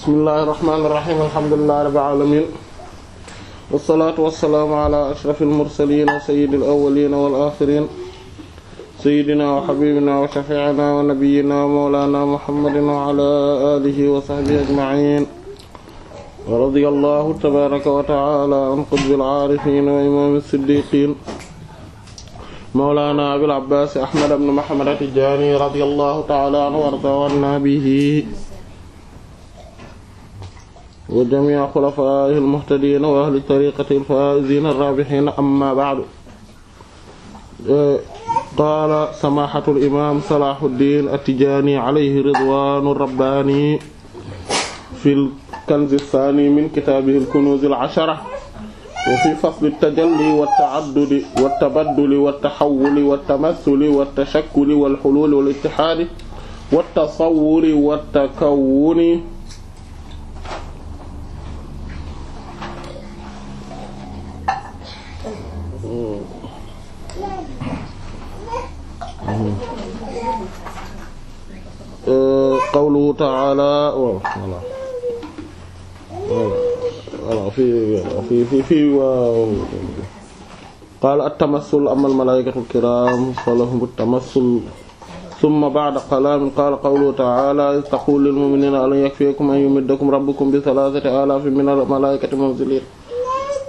bismillahir rahmanir rahim alhamdulillahi rabbil alamin wassalatu wassalamu ala ashrafil mursalin sayyidil awwalin wal akhirin sayyidina wa habibina wa shafi'ina wa nabiyyina wa mawlana muhammadin wa ala alihi wa sahbihi ajma'in wa radiyallahu tabaraka wa ta'ala an qutbil arifin wa imamil siddiqin mawlana abil abbas ahmad ibn muhammad at-tijani radiyallahu ta'ala anhu wa radiyallahu bihi wa jamii xulafaahi almuhtadiina wa ahli tariqati alfaa'iziina arraabihiina amma ba'du qaala samaaxatu alimaam salaaxuddiin attijaani alayhi ridwaanu rabbaani fil kanzi saani min kitaabihi alkunuuz alashara wa fi fasli tajalli wa taaddudi wa tabadduli wa taxawuli wa tamassuli wa tashakkuli wal xuluuli wal ittihaadi wa tasawwuri wa takawwuni qawluhu ta'ala waaw voilà fii fii fii fii waaw qaala at-tamassul amma al-malaa'ikatu al-kiraam falahum at-tamassul summa ba'da qalaamin qaala qawluhu ta'aala iz taquulu lil-mu'miniina alam yakfiyakum an yumiddakum rabbukum bi thalathati alaafin mina al-malaa'ikati munziliin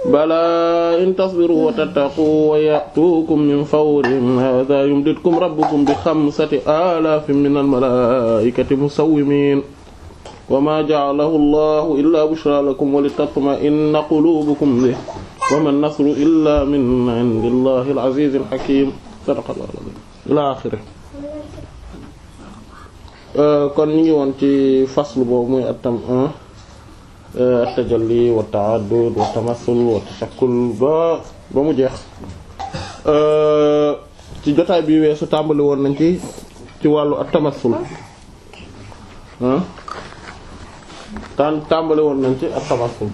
balaa in tasbiru wa tattaqu wa ya'tuukum min fawrihim haadha yumdidkum rabbukum bi xamsati alaafin min almalaa'ikati musawwimin wa ma ja'alahu allahu illa bushra lakum wa litatma'inna qulubukum bih wa ma nasru illa min 'indillahi al-'aziz al-hakim sadaqallahu al-'azim ila akhirih euh, kon ñu ngi woon ci faslu boobu muy atam 1 at-tajalli wa ta'addud wa tamassul wa tashakkul ba ba mu jeex euh, ci jotaay bi weesu tàmbali woon nañ ci ci wàllu at-tamassul ah tàmbali woon nañ ci at-tamassul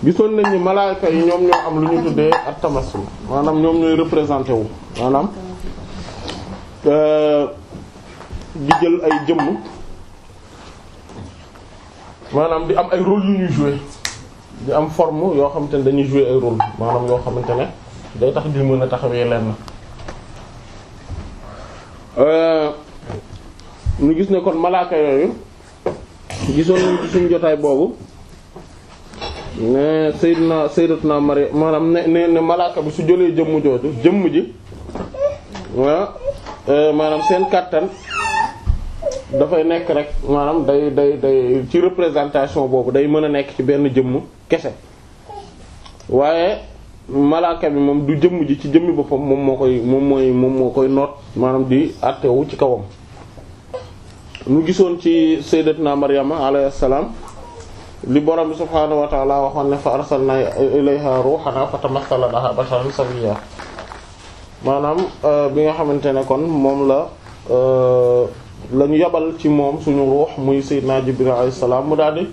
gisoon nañ ni malaayka yi ñoom ñoo am lu ñu tuddee ak tamassul maanaam ñoom ñooy représenté wu maanaam euh, di jël ay jëmm maanaam di am ay rôle yu ñuy jouer di am forme yoo xamante ne dañuy jouer ay rôle maanaam yoo xamante ne day tax di mën a taxawee leen lenn euh, ñu gis ne kon malaaka yooyu gisoon nañu ci jotaay boobu ne Seydina Seydatuna Maryam maanaam ne ne ne malaaka bi su jëlee jëmm jooju jëmm ji e, maanaam seen kàttan dafay nekk rek maanaam day day day ci représentation boobu day mën a nekk ci benn jëmm kese waaye malaaka bi moom du jëmm ji ci jëmmi boppam moom moo koy moom mooy moom moo koy noot maanaam di àttewu ci kawam nu gisoon ci Seydatuna Maryama alayhi salaam li borom bi subhaanahu waxoon ne fa arsalna ilayha ruhana fa tamassala laha basharan sawiyya maanaam euh, bi nga xamante ne kon moom la euh, lañu ñu yabal ci moom suñu ruux muy sayyidina Jibril alayhi salaam mu daal di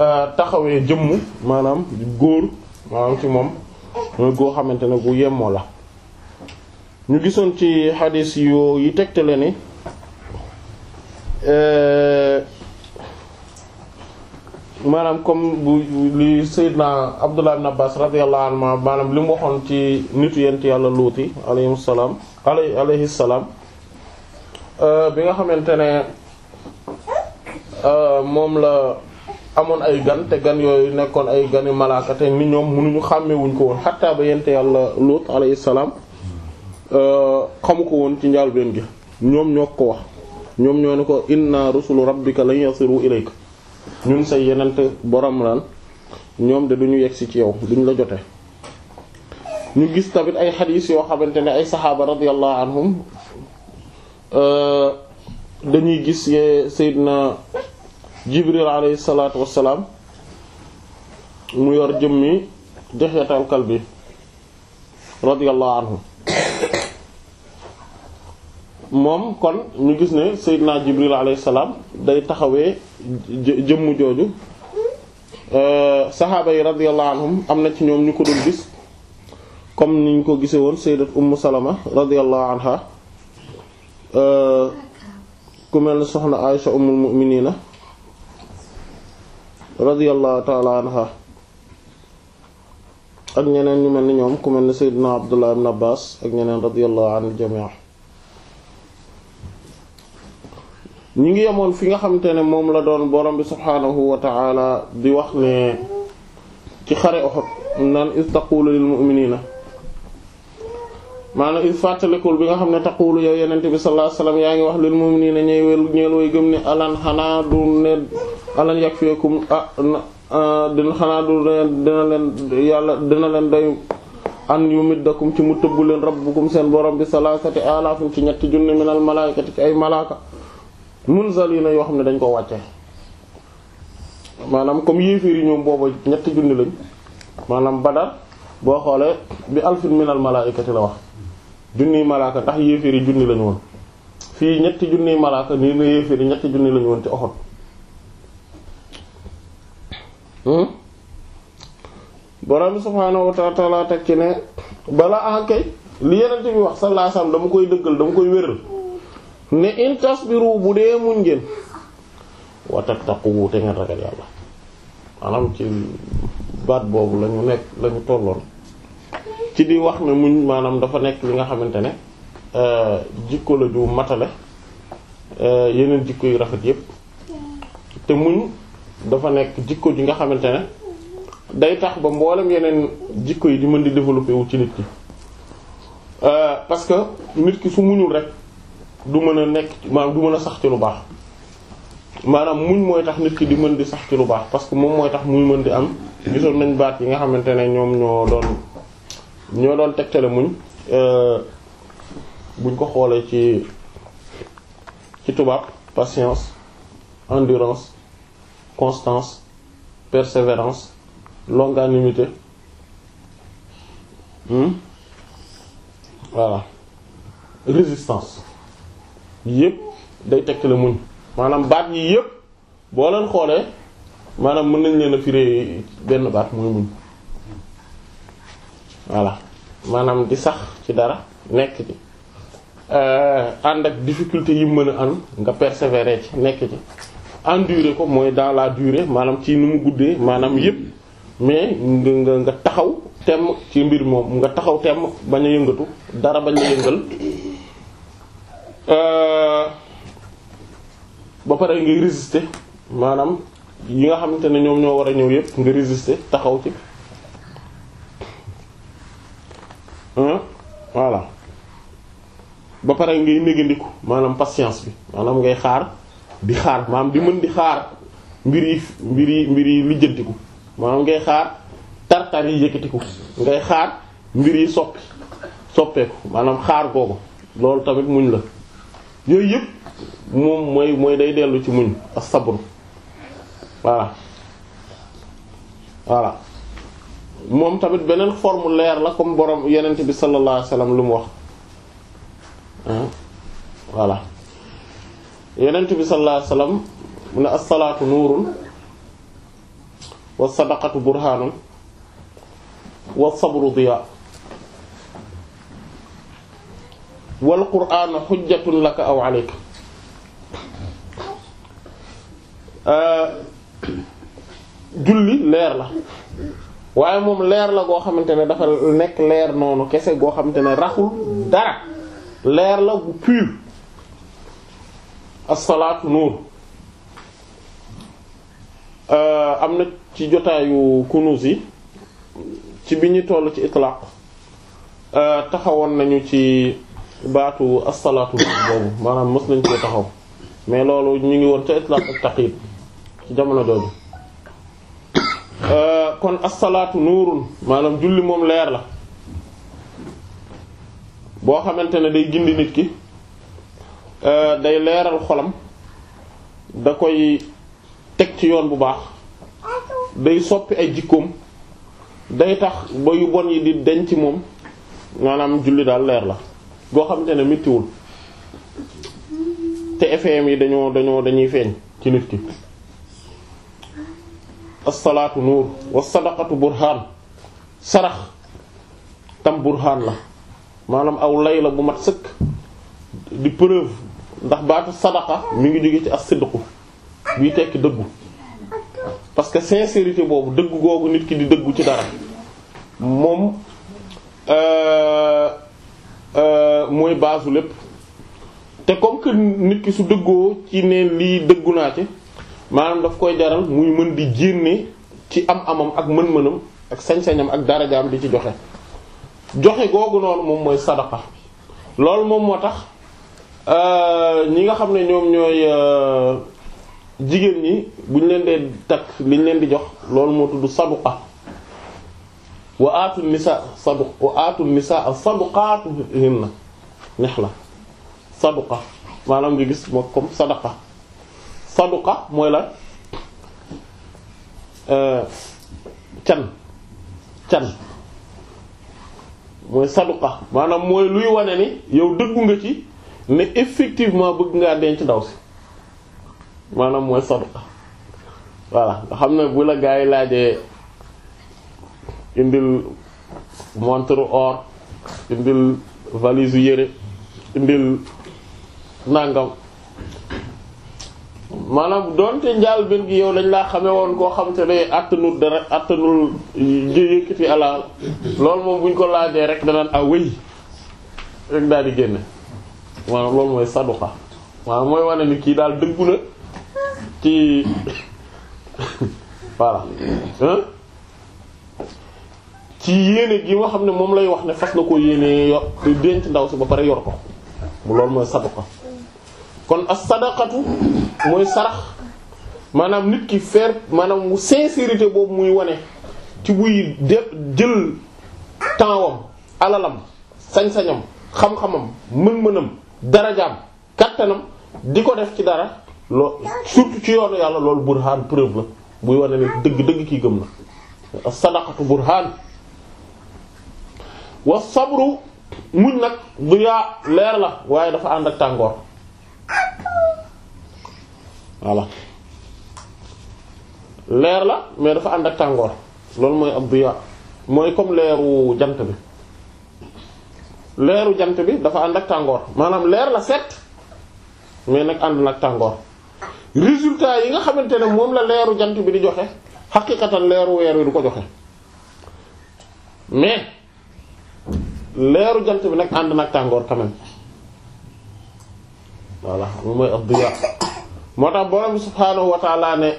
euh, taxawee jëmm maanaam góor maanaam ci moom muy goo xamante ne gu yemmoo la ñu gisoon ci xadis yoo yi tegtale ni maanaam comme bu li Seydina Abdullah ibn Abbas radiyallahu anhu maanaam li mu waxoon ci nitu yent yàlla luuti alayhi salaam alay alayhi salaam euh, bi nga xamante ne euh, moom la amoon ay gan te gan yooyu nekkoon ay gani malaaka te ni ñoom mënuñu xàmmewuñ ko woon xattaa ba yent yàlla luut alayhi salaam euh, xamu ko woon ci njàlbéen gi ñoom ñoo ko wax ñoom ñoo ne ko inna rusulu rabbika lan yasiru ilayka ñun say yenent borom lan ñoom de duñu yegsi ci yow duñ la jote ñu gis tamit ay xadiis yoo xamante ne ay saxaaba radiyallahu anhum euh, dañuy gis yee Seydina Jibril alayhi salaatu wassalaam mu yor jëmmi Dihyatal Kalbi radiyallahu anhu moom kon ñu gis ne Seydina Jibril alayhi salaam day taxawee jëmm jooju euh, saxaaba yi radiyallahu anhum am na ci ñoom ñu ko doon gis comme niñ ko gisee woon Sayyidat Ummu Salama radiyallahu anha euh, ku mel ne soxna Aisha ummul mu'minina radiyallahu ta'ala ak ñeneen ñu mel ni ñoom ku mel ne Seydina Abdullah ibn Abbas ak ñeneen radiyallahu anil jami' ñi ngi yemoon fi nga xamante ne moom la doon borom bi subhaanahu wa ta'ala di wax ne ci xare Uhud naan is taqulu lil mu'minina maanaam is fàttalikul bi nga xam ne taqulu yow yenente bi sallallahu alayhi yaa ngi wax lil mu'minina ñëy wél ñeel way gëm ne alan xanaa du ne alan yakfikum ah, ah dina xanaa du ne dina leen yàlla dina leen day an yu middakum ci mu tëbb leen rabbukum seen borom bi salaasati alaafin ci ñetti junni minal malaykati ci ay malaaka munzalina yoo xam ne dañ koo wàcce maanaam comme yéeféer yi ñoom booba ñetti junni lañ maanaam badar boo xoolee bi alfin minal malaa'ikati la wax junniy malaaka ndax yéeféer yi junni lañ woon fii ñetti junniy malaaka nii nga yéeféer yi ñetti junni lañ woon ci oxot hmm? borom subhaanahu wa ta'aala teg ci ne balaa ah kay li yeneen bi wax sallallahu alayhi wasallam dama koy dëggal dama koy wéral ne in tasbiru bu dee muñ ngeen wa tattaqu te ngeen ragal yàlla maanaam ci baat boobu lañu nekk lañu tolloon ci di wax ne muñ maanaam dafa nekk li nga xamante ne euh, jikko la ju matale euh, yeneen jikko yu rafet yépp te muñ dafa nekk jikko ji nga xamante ne day tax ba mboolem yeneen jikko yi di mën di développer wu ci nit ki euh, parce que nit ki su muñul rek du mën a nekk maanaam du mën a sax ci lu baax maanaam muñ mooy tax nit ki di mën di sax ci lu baax parce que moom mooy tax muy mën di am gisoon nañ baax yi nga xamante ne ñoom ñoo doon ñoo tele tegtale muñ buñ ko xoolee ci ci tubaab patience endurance constance persévérance longanimité hmm? voilà yëpp day tekkale muñ maanaam baat yi yëpp boo leen xoolee maanaam mën nañ leen a fire benn baat mooy muñ voilà maanaam di sax ci dara nekk ci euh, ànd ak difficulté yi mën a am nga persévérer ci nekk ci endurer ko mooy dans la durée maanaam ci nu mu guddee maanaam yëpp mais nga nga nga taxaw temm ci mbir moom nga taxaw temm bañ a yëngatu dara bañ a yëngal Euh, ba pare ngay résister maanaam yi nga xamante ne ñoom ñoo war a ñëw yépp nga résister taxaw ci voilà ba pare ngay négandiku maanaam patience bi maanaam ngay xaar di xaar maanaam di mën di xaar mbir yi mbir yi mbir yi lijjantiku maanaam ngay xaar tartar yi yëkkatiku ngay xaar mbir yi soppi soppeeku maanaam xaar kooku loolu tamit muñ la yooyu yëpp moom mooy mooy day dellu ci muñ as-sabr voilà voilà moom tamit beneen forme leer la comme borom yenent bi sallallahu alayhi lu mu wax voilà yenent bi sallallahu alayhi wasallam mu ne as-salaatu nuurun was-sadaqatu burhaanun was-sabru diyaa wal qur'aanu xujjatun laka aw alayka euh, julli leer la waaye moom leer la goo xamante ne dafa nekk leer noonu kese goo xamante ne raxul dara leer la bu pur as-salaatu nuur euh, am na ci jotaayu kunuz yi ci bi ñu toll ci itlaq euh, taxawoon nañu ci baatu asalaatu boobu maanaam mës nañ koo taxaw mais loolu ñu ngi woon ca itlaq ak taqyid ci jamono jooju euh, kon asalaatu nuurun maanaam julli moom leer la boo xamante ne day gindi nit ki euh, day leeral xolam da koy teg ci yoon bu baax day soppi ay jikkoom day tax ba yu bon yi di denc moom maanaam julli daal leer la goo xamante ne méttiwul te FM yi dañoo dañoo dañuy feeñ ci nit ki as-salaatu nuur was-sadaqatu burhaan sarax tam burhaan la maanaam aw lay la bu mat sëkk di preuve ndax baatu sadaqa mu ngi jóge ci as-sidqu bii tekki dëggu parce que sincérité boobu dëggu googu nit ki di dëggu ci dara moom euh, Euh, mooy baasu lépp te comme que nit ki su dëggoo ci ne lii dëggu naa ci maanaam daf koy jaral muy mën di jénne ci am amam ak mën-mënam ak sañ-sañam ak darajaam di ci joxe joxe googu noonu moom mooy sadaqa loolu moom moo tax euh, ñi nga xam ne ñoom ñooy euh, jigéen ñi bu ñu leen dee takk li ñu leen di jox loolu moo tudd saduqa wa aatu nisaa saduq wa aatu nisaa saduqaatuhinna saduqa maanaam nga gis moo comme sadaqa saduqa mooy la euh, can can mooy saduqa maanaam mooy luy wane ni yow dëggu nga ci ne effectivement bëgg ngaa denc ndaw si maanaam mooy saduqa voilà nga xam ne bu la gaa yi laajee indil montre or indil valise yére indil nangam maanaam doonte njaal benn gi yow dañ laa xamee woon koo xam te ne attanul dara attanul yëkkati alal loolu moom buñ ko laajee rek danaan ah wéy rek daal di génne maanaam loolu mooy saduqa maanaam mooy wane ni kii daal dëggu na ci voilà hein ci yéene gi nga xam ne moom lay wax ne fas na ko yéene yor denc ndaw si ba pare yor ko mu loolu mooy ko kon as sadaqatu mooy sarax maanaam nit ki faire maanaam mu sincérité boobu muy wane ci buy de jël tempsam alalam sañ-sañam xam-xamam mën-mënam darajaam kattanam di ko def ci dara loo surtout ci yoonu yàlla loolu burhaan preuve la buy wane ne dëgg-dëgg kii gëm na as sadaqatu burhaan wa sabru muñ nag duyaa leer la waaye dafa ànd ak tàngoor voilà leer la mais dafa ànd ak tàngoor loolu mooy ab duyaa mooy comme leeru jant bi leeru jant bi dafa ànd ak tàngoor maanaam leer la set mais nag ànd nag tàngoor résultat yi nga xamante ne moom la leeru jant bi di joxe xaqiqatan leeru weer wi du ko joxe mais leeru jant bi nag ànd nag tàngoor quand même voilà moom mooy ad-diya moo tax borom subhaanahu wa taala ne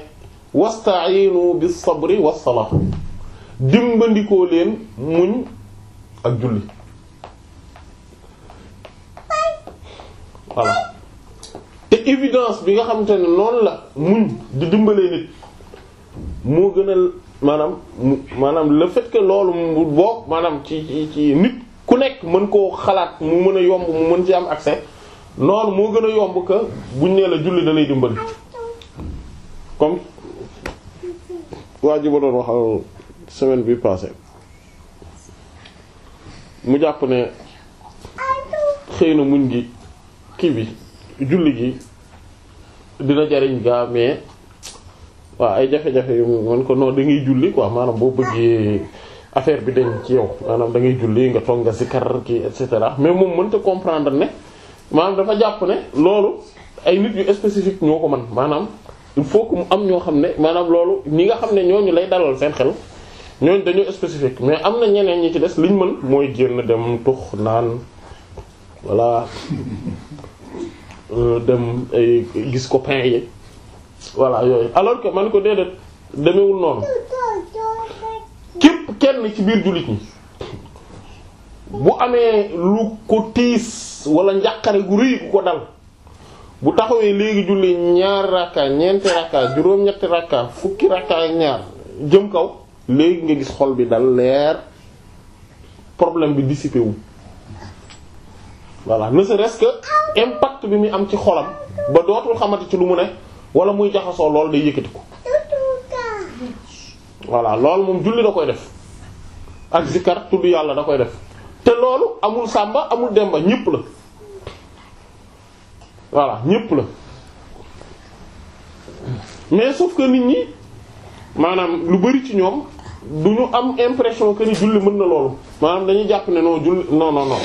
wasta'inu bis sabri was dimbandikoo leen muñ ak julli voilà te évidence bi nga xamante ne noonu la muñ di dimbalee nit moo gën a maanaam maanaam le fait loolu mu bokk maanaam ci ci ci nit ku nekk mën koo xalaat mu mën a yomb mu mën ci am accès noonu moo gën a yomb que buñ nee la julli da lay dimbali comme waa ji doon waxal semaine bi passée mu jàpp ne xëy na muñ gi kii bi julli gi dina jariñ gaa mais waaw ay jafe-jafe yu mën ko noonu da ngay julli quoi maanaam boo bëggee. affaire bi dañ ci yow maanaam da ngay julli nga toog nga si zikar ki et cetera mais moom mënta comprendre ne maanaam dafa jàpp ne loolu ay nit yu spécifique ñoo ko man maanaam il faut que mu am ñoo xam ne maanaam loolu ñi nga xam ne ñooñu lay dalal seen xel ñooñu dañoo spécifique mais am na ñeneen ñi ci des liñ mën mooy génn dem tux naan voilà euh, dem ay gis copain yi voilà yooyu alors que man ko déedéet demewul noonu kenn ci biir jullit ñi bu amee lu ko tiis wala njàqare gu rëy gu ko dal bu taxawee léegi julli ñaar rakka ñeenti rakka juróom-ñetti rakka fukki rakka ak ñaar jëm kaw léegi nga gis xol bi dal leer problème bi dissipé wu voilà ne serait impact bi muy am ci xolam ba dootul xamante ci lu mu ne wala muy jaxasoo lool day yëkkati ko voilà loolu moom julli da koy def ak zikar tudd yàlla da koy def te loolu amul sàmba amul demba ñépp la voilà ñépp la mais sauf que nit ñi maanaam lu bari ci ñoom du ñu am impression que ni julli mën na loolu maanaam dañuy jàpp ne non julli non non non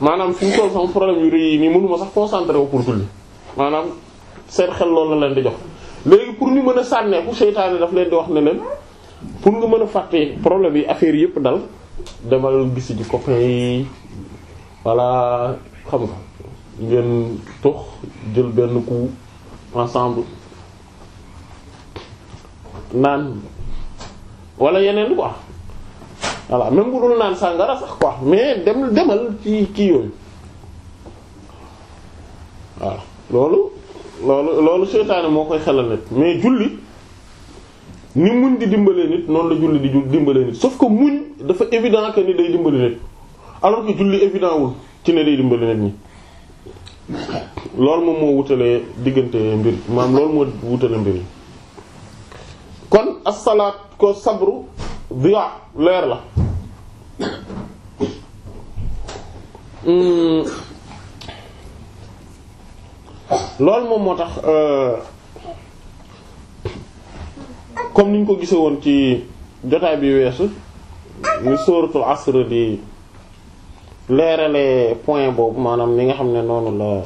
maanaam fi mu toll sama problème yu rëy yi nii mënuma sax concentré wu pour julli maanaam seen xel loolu la leen di jox léegi pour ñu mën a sànnee ku seytaane daf leen di wax ne leen pour nga mën a fàtte problème yi affaire yëpp dal demal gisi ji yi voilà xam nga ngeen tox jël benn coup ensemble naan wala yeneen quoi voilà même bu dul naan sàngara sax quoi mais dem demal ci kii yooyu waaw loolu loolu loolu seytaane moo koy xelal nit mais julli ni muñ di dimbalee nit noonu la julli di dimbalee nit sauf que muñ dafa évident que ni day dimbali nit alors que julli évident wul ci ne day dimbali nit ñi loolu moom moo wutalee diggante mbir maam loolu moo wutale mbir yi kon as-salaat ko sabru diya leer la hmm. loolu moom moo tax euh, comme niñ ko gisee woon ci jotaay bi weesu ñu sóoratul asr di leerale point boobu maanaam li nga xam ne noonu la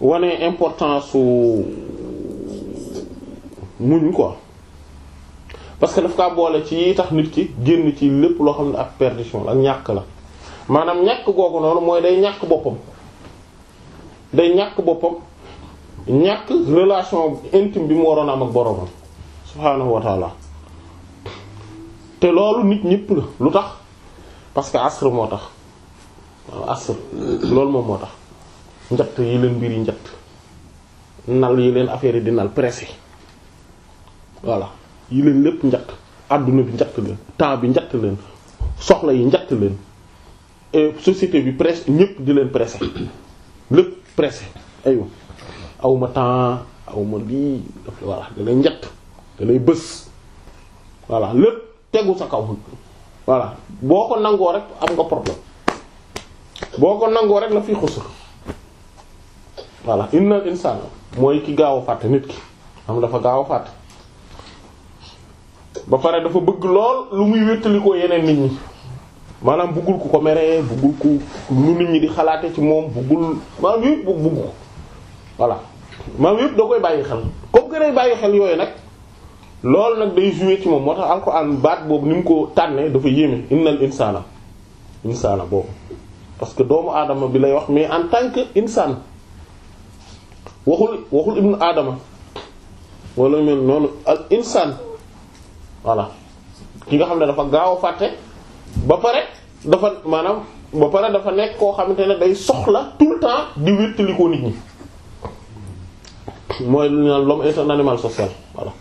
wane importance su muñ ko parce que daf kaa boole ci yi tax nit ki génn ci lépp loo xam ne ak perdition ak ñàkk la maanaam ñàkk googu noonu mooy day ñàkk boppam day ñàkk boppam ñàkk relation intime bi mu waroon am ak boroomam subhaanahu wa te loolu nit ñëpp la lu tax parce que asr moo tax waaw loolu moom moo tax njatt yi leen mbir yi njatt nal yi leen affaire yi di nal pressé voilà yi leen lépp njatt àdduna bi njatt leen temps bi njatt leen soxla yi njatt leen société bi pressé ñëpp di leen pressé lépp pressé aywa aw ma temps aw ma lii daf voilà da lay njett bës voilà lépp tegu sa kaw voilà boo ko nangoo rek am nga problème boo ko nangoo rek la fii xusur voilà innal insaan mooy ki gaaw a fàtte nit ki am dafa gaaw a fàtte ba pare dafa bëgg lool lu muy wéttali ko yeneen nit ñi maanaam bëggul ku ko meree bëggul ku lu nit ñi di xalaate ci moom bëggul maanaam yëpp bëgg ko voilà maam yëpp da koy bàyyi xel comme que day bàyyi xel yooyu nag loolu nag day jouer ci moom moo tax alquran baat boobu ni mu ko tànnee dafa yéeme innal insana insana boobu parce que doomu aadama bi lay wax mais en tant que insaan waxul waxul ibnu aadama wala mel noonu al insaan voilà ki nga xam ne dafa gaaw a fàtte ba pare dafa maanaam ba pare dafa nekk koo xamante ne day soxla tout le temps di wéttalikoo nit ñi mooy lu ñu naan l'homme social voilà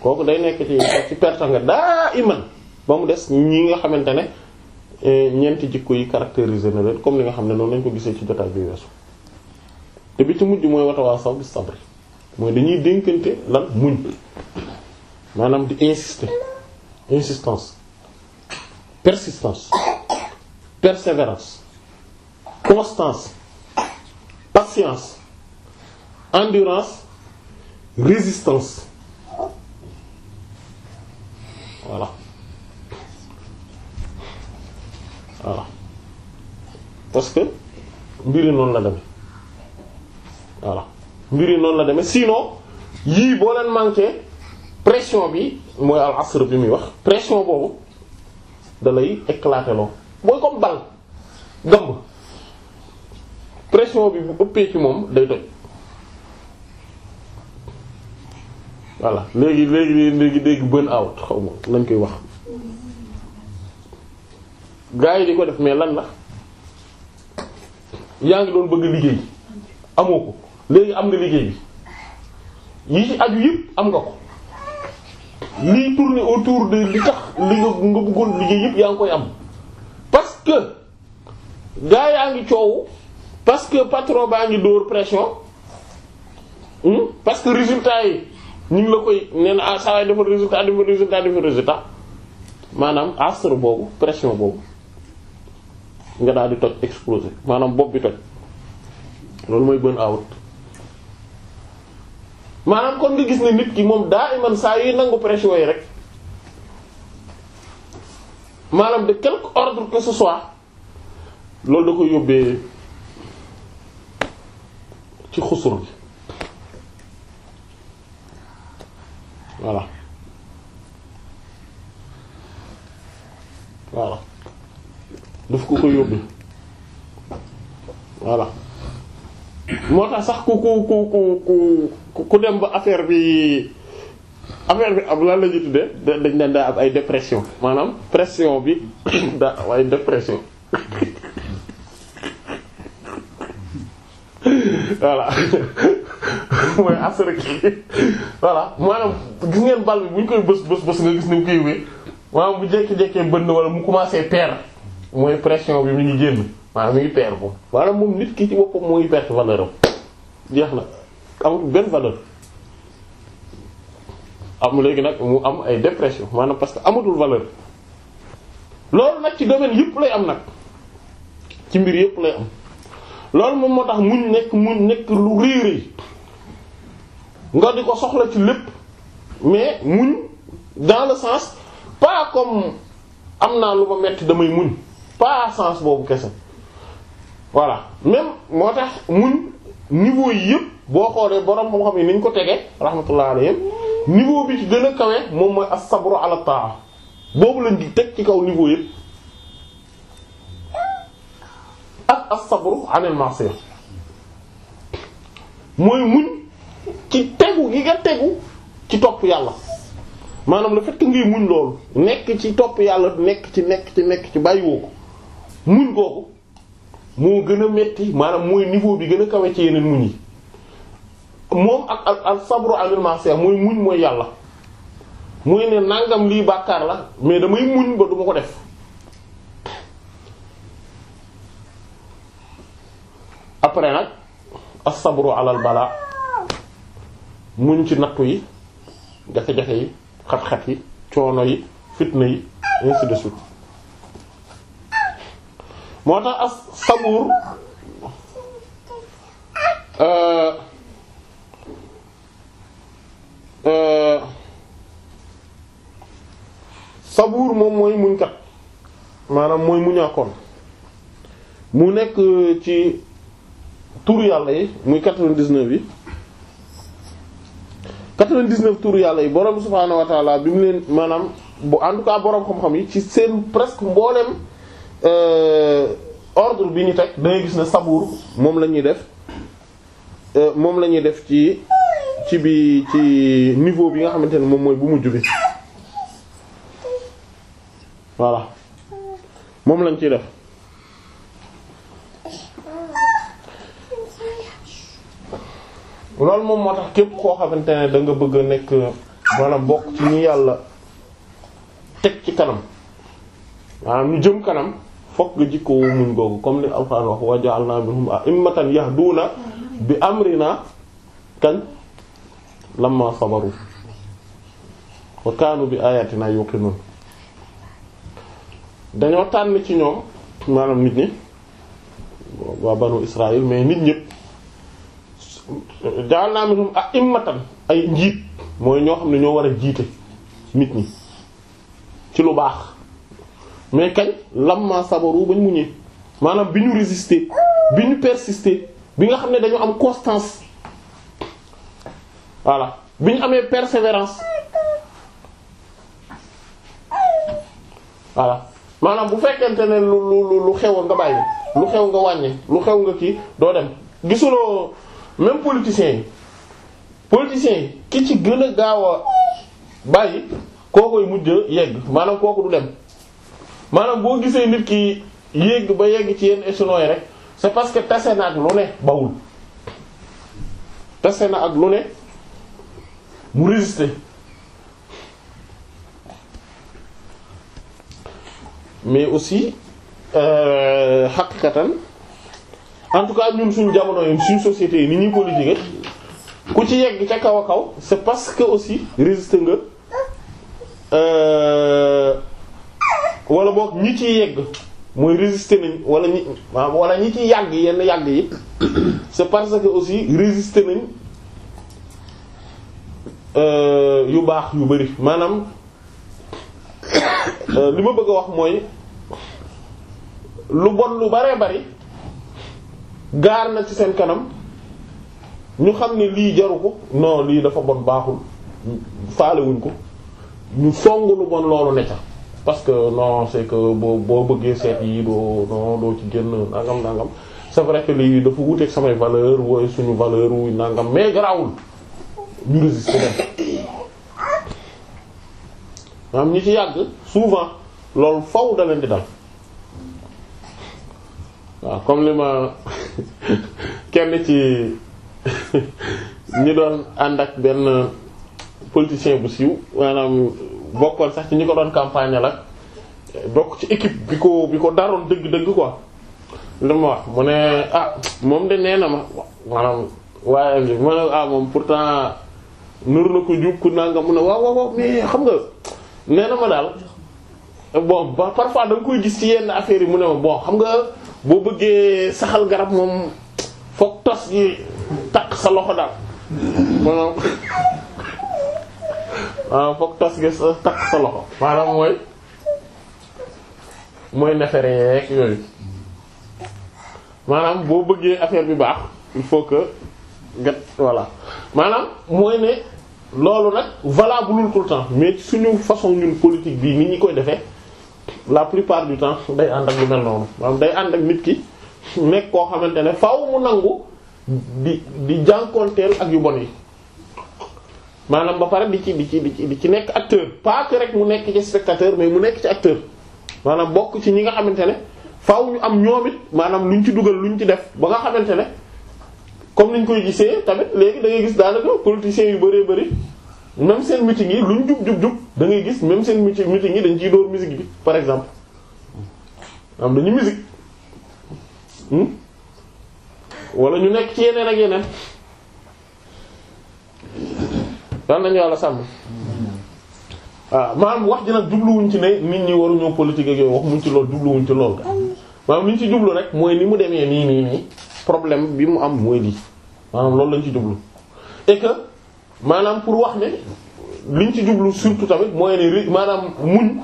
kooku day nekk ci ci nga daa iman ba mu des ñi nga xamante ne eh, ñeenti jikko yi caractérisé na leen comme li nga xam ne noonu lañ ko gisee ci jotaay bi weesu te bi ci mujj mooy watawaasaw bi sabri mooy dañuy dénkante lan muñ maanaam di insister insistance persistance persévérance constance patience endurance résistance voilà voilà parce que mbiri noonu la demee voilà mbiri noonu la demee sinon yii boo leen manqué pression bi mooy al asr bi muy wax pression boobu da lay éclater comme bal gamb pression bi bu ëppee ci moom day toj voilà léegi léegi léegi dégg burn out xaw ma lañ koy wax gars yi di ko def mais lan la yaa ngi doon bëgg liggéey amoo ko léegi am nga liggéey bi yi aju yëpp am nga ko lii tourner autour de li tax li nga nga bëggoon liggéey yëpp yaa ngi koy am parce que gars yaa ngi coow parce que patron baa ngi dóor pression hmm? parce que résultat yi ñu ngi la koy nee na ah saa defal résultat defal résultat defal résultat maanaam astre boobu pression boobu nga daal di toj exploser maanaam bopp bi toj loolu mooy burn out maanaam kon nga gis ne nit ki moom daa iman saa yuy nangu pression yi rek maanaam de quelque ordre que ce soit loolu da ko yóbbee ci xusur bi voilà voilà daf ko ko yóbbu voilà moo tax sax ku ku ku ku ku dem ba affaire bi affaire bi ab lan la ñuy tuddee dañ leen daa ab ay dépression maanaam pression bi daa ay dépression voilà mooy assuré voilà maanaam gis ngeen bal bi bu ñu koy bës bës bës nga gis ni mu koy yëgee maanaam bu jékki-jékkee bënn wala mu commencé perdre mooy pression bi mi ngi génn maanaam mi ngi perdre ko maanaam moom nit ki ci boppam moo ngi perdre valeur am jeex na amul benn valeur. am léegi nag mu am ay dépression maanaam parce que amatul valeur loolu nag ci domaine yëpp lay am nag ci mbir yëpp lay am loolu moom moo tax mu nekk muñ nekk lu réer nga di ko soxla ci lépp mais muñ dans le sens pas comme am naa lu ma metti damay muñ pas sens boobu kese voilà même moo tax muñ niveau yi yëpp boo xoolee borom moo xam ne ni ko tegee rahmatullah alayhi niveau bi ci gën a kawe moom mooy as-sabru ala ta'a boobu lañ di teg ci kaw niveau yëpp ak as-sabru anil mooy muñ. ci tegu gi nga tegu ci topp yàlla maanaam le fait que ngay muñ loolu nekk ci topp yàlla nekk ci nekk ci nekk ci bàyyiwoo ko muñ googu moo gën a metti maanaam mooy niveau bi gën a kawe ci yeneen muñ yi moom ak ak ak sabru anil mooy muñ mooy yàlla mooy ne nangam lii bàkkaar la mais damay muñ ba duma ko def après nag as-sabru alal balaa muñ ci nattu yi jafe-jafe yi xat-xat yi coono yi fitna yi ainsi de suite moo tax as sabuur euh, euh, sabuur moom mooy muñkat maanaam mooy muñaakoon mu nekk ci tur yàlla yi muy quatre vingt yi 99 tur yàlla yi borom subhaanahu wa taala bi mu leen maanaam bu en tout cas borom xam-xam yi ci seen presque mboolem euh, ordre bi ñu teg da gis ne sabuur moom la ñuy def euh, moom la ñuy def ci ci bi ci niveau bi nga xamante ne moom mooy bu mujj bi voilà moom lañ ci def. loolu moom moo tax képp koo xamante ne danga bëgg a nekk maanaam bokk ci ñu yàlla teg ci kanam maanaam ñu jëm kanam fokk nga jikko muñ googu comme ni alxuraan wax wa ja'alna minhum a'immatan yahduna bi amrina kañ lamma sabaru wa kaanu bi ayatina yuqinun dañoo tànn ci ñoom maanaam nit ñi waa banu Israël mais nit ñëpp ja'alna minhum a'immatan ah ay njiit mooy ñoo xam ne ñoo war a jiite mit ñi ci lu baax mais kañ lamma sabaru bañ muñee maanaam bi ñu résister bi ñu persister bi nga xam ne dañu am constance voilà bi ñu amee persévérance voilà maanaam bu fekkente ne lu lu lu xew nga bàyyi lu xew nga wàññi lu xew nga kii doo dem gisuloo même politiciens yi politiciens ki ci gën a gaaw a bàyyi kookoy mujj yegg maanaam kooku du dem maanaam boo gisee nit ki yegg ba yegg ci yenn échelons rek c'est parce que tase na ak lu ne bawul tase na ak lu ne mu résister mais aussi xaqiqatan euh, en tout cas ñun suñu jamono yi suñu société yi ni ñuy politique ku ci yegg ca kaw a kaw c'est parce que aussi résister nga euh, wala boog ñi ci yegg mooy résister nañ wala ñi wala ñi ciy yàgg yenn yàgg yi c'est parce que aussi résister nañ euh, yu baax yu bari maanaam euh, li ma bëgg a wax mooy lu bon lu baree bari gaar na ci seen kanam ñu xam ni lii jaru ko no lii dafa bon baaxul faalewuñ ko ñu song lu bon loolu ne ca parce que non c'est que boo boo bëggee seet yi doo non doo ci génn nangam nangam c'est vrai que lii dafa wuteeg samay valeur wooy suñu valeur wuy nangam mais garawul ñu résister dem maanaam ñi ci yàgg souvent loolu fow da leen di dal waaw comme li ma kenn ci ñi doon ànd ak benn politicien bu siiw maanaam bokkoon sax ci ñi ko doon campagne la bokk ci équipe bi ko bi ko daroon dëgg-dëgg quoi li ma wax mu ne ah moom de nee na ma maanaam waaye bi ma ne ah moom pourtant nur na ko jub ku nanga mu ne waaw waaw waaw xam nga nee na ma daal bon ba parfois da nga koy gis ci yenn affaires yi mu ne ma bon xam nga boo bëggee saxal garab moom foog tos gi takk sa loxo daal maanaam waaw foog tos gi sa takk sa loxo maanaam mooy mooy nefere yeeg yooyu maanaam boo bëggee affaire bi baax il faut que nga voilà maanaam mooy ne loolu nag valable tout le temps mais suñu façon ñun politique bii nit ñi koy defee la plupart du temps day ànd ak lu mel noonu maanaam day ànd ak nit ki nekk koo xamante ne faw mu nangu di di jànkoonteel ak yu bon yi maanaam ba pare di ci di ci di ci di ci nekk acteur pas que rek mu nekk ci spectateur mais mu nekk ci acteur maanaam bokk ci ñi nga xamante ne faw ñu am ñoom it maanaam luñ ci dugal lu ñu ci def ba nga xamante ne comme niñ koy gisee tamit léegi da ngay gis daanaka politiciens yu bëree bëri. même seen meeting yi luñ jub jub jub da gis même seen meeting meeting yi dañ ciy dóor musique bi par exemple am dañu musique hmm? wala ñu nekk ci yeneen ak yeneen daan nañ yàlla sàmm waaw ah, maanaam wax ji nag jubluwuñ ci ne nit ñi waruñoo politique ak yooyu wax muñ ci lool jubluwuñ ci lool maanaam li ñu ci jublu rek mooy ni mu demee nii nii problème bi mu am mooy lii maanaam loolu lañ ci jublu et maanaam pour wax li liñ ci jublu surtout tamit mooy ne maanaam muñ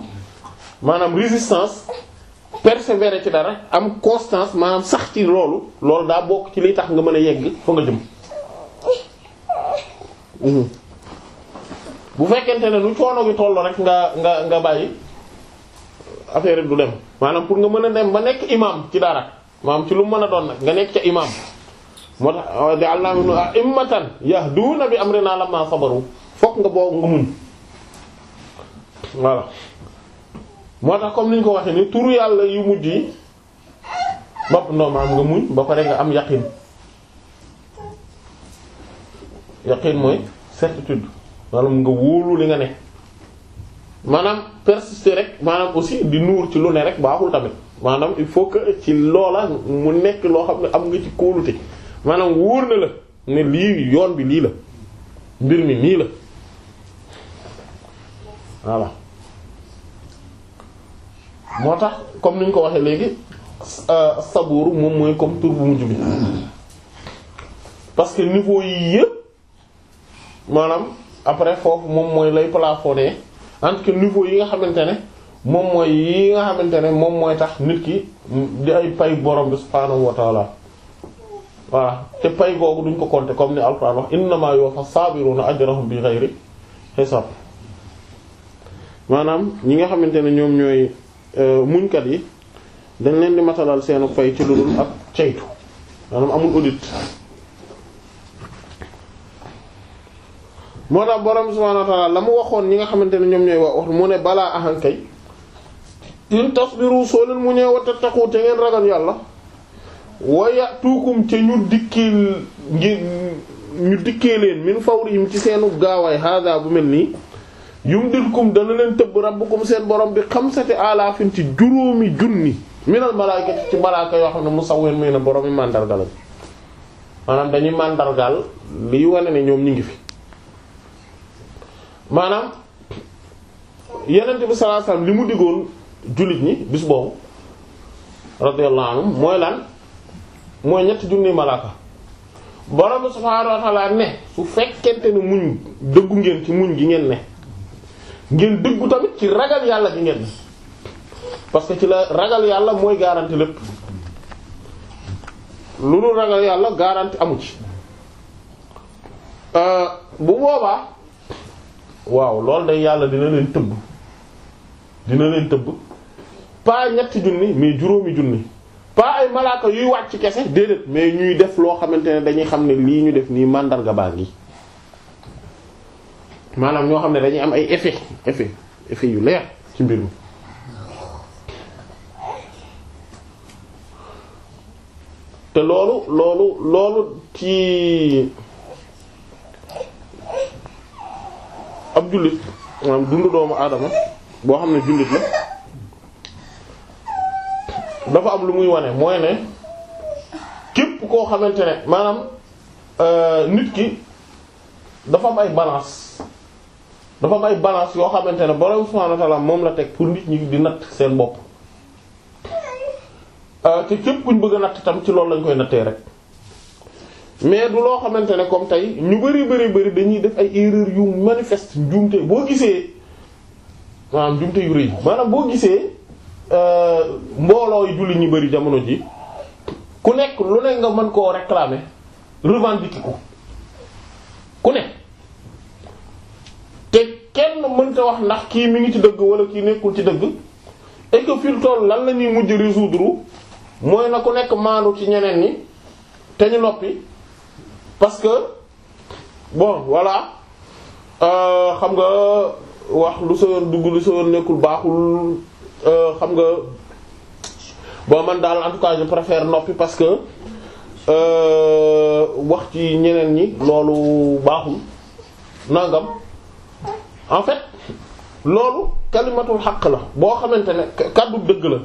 maanaam résistance persévérer ci dara am constance maanaam sax ci loolu loolu daa bokk ci liy tax nga mën a yegg fa nga jëm. Mhm. bu fekkente ne nu coono gi toll rek nga nga nga bàyyi affaire du dem maanaam pour nga mën a dem ba nekk imam ci dara maam ci lu mën a doon nag nga nekk ca imam moo tax ja'alnaahum a'immatan yahduuna bi amrinaa lammaa sabaru fokk nga boobu nga muñ voilà moo tax comme ni ñu ko waxee ni turu yàlla yu mujj yi bopp normal nga muñ ba pare nga am yaqin yaqin mooy certitude maanaam nga wóolu li nga ne maanaam persister rek maanaam aussi di nuur ci lu ne rek baaxul tamit maanaam il faut que ci loola mu nekk loo xam ne am nga ci kóolute maanaam wóor na la ne lii yoon bi lii la mbir mi nii la voilà moo tax comme ni ñu ko waxee léegi euh, sabooru moom mooy comme tur bu mujj bi parce que niveau yi yëpp maanaam après foofu moom mooy lay plafonné entre que niveau yi nga xamante ne moom mooy yi nga xamante ne moom mooy tax nit ki di ay pay borom bi subhaanahu wa taala voilà te pay googu duñ ko compter comme ni alquran wax innama na sabiruna ajrahum bi ghayri hisab maanaam ñi nga xamante ne ñoom ñooy euh, muñkat yi dañ leen di matalal seenu fay ci lu dul ak audit moo tax borom subhaanahu wa ta'aala la mu waxoon ñi nga ne ñoom ñooy wax wax mu ne balaa ahankay in tasbiru soo leen mu ñëw wa tattaqu te ngeen ragal yàlla waya tuukum ca ñu dikkeel ngir ñu dikkee leen min fawrihim ci seenu gaawaay hada bu mel nii yumdilkum dana leen tëbb rabbukum seen borom bi xamsati alaafin ci juróomi junni minal malaayikati ci malaaka yoo xam ne musawwir muy ne borom yi màndargal la maanaam dañuy màndargal liy wane ne ñoom ñu ngi fi maanaam yonent bi sallallahu li mu diggoon jullit ñi bis boobu radiyallahu anhum mooy lan mooy ñetti junni malaaka borom bi subhaanahu wa ta'ala ne su fekkente ne muñ dëggu ngeen ci muñ gi ngeen ne ngeen dëggu tamit ci ragal yàlla gi ngeen ne parce que ci la ragal yàlla mooy garanti lépp lu dul ragal yàlla garanti amu ci euh, bu boobaa waaw loolu day yàlla dina leen tëbb dina leen tëbb pas ñetti junni mais juróomi junni pas ay malaaka yuy wàcc kese déedéet mais ñuy def loo xamante ne dañuy xam ne lii ñu def nii màndarga baa ngi maanaam ñoo xam ne dañuy am ay effet effet effet yu leer ci mbir mi te loolu loolu loolu ci ab jullit maanaam dundu doomu aadama boo xam ne jullit la dafa am lu muy wane mooy ne képp koo xamante ne maanaam euh, nit ki dafa am ay balance dafa am ay balance yoo xamante ne borom subhanahu wa ta'ala moom la teg pour nit ñi di natt seen bopp euh, te képp kuñ bëgg a natt tam ci loolu lañ koy nattee rek mais du loo xamante ne comme tey ñu bari bari bari dañuy def ay erreur yu manifeste njuumte boo gisee maanaam njuumte yu rëy maanaam boo gisee. Euh, mbooloo yu jullit ñi bari jamono ji ku nekk lu ne nga mën koo réclamer revendiquer ko ku nekk te kenn mën mënta wax ndax kii mi ngi ci dëgg wala kii nekkul ci dëgg et que fil toll lan la ñuy mujj résoudre mooy na ku nekk maandu ci ñeneen ñi te ñu noppi parce que bon voilà euh, xam nga wax lu sa yoon dugg lu sa yoon nekkul baaxul. Euh, xam nga bon man daal en tout cas je préfère noppi parce que euh, wax ci ñeneen ñi loolu baaxul nangam en fait loolu kalimatul xaq la boo xamante ne kàddu dëgg la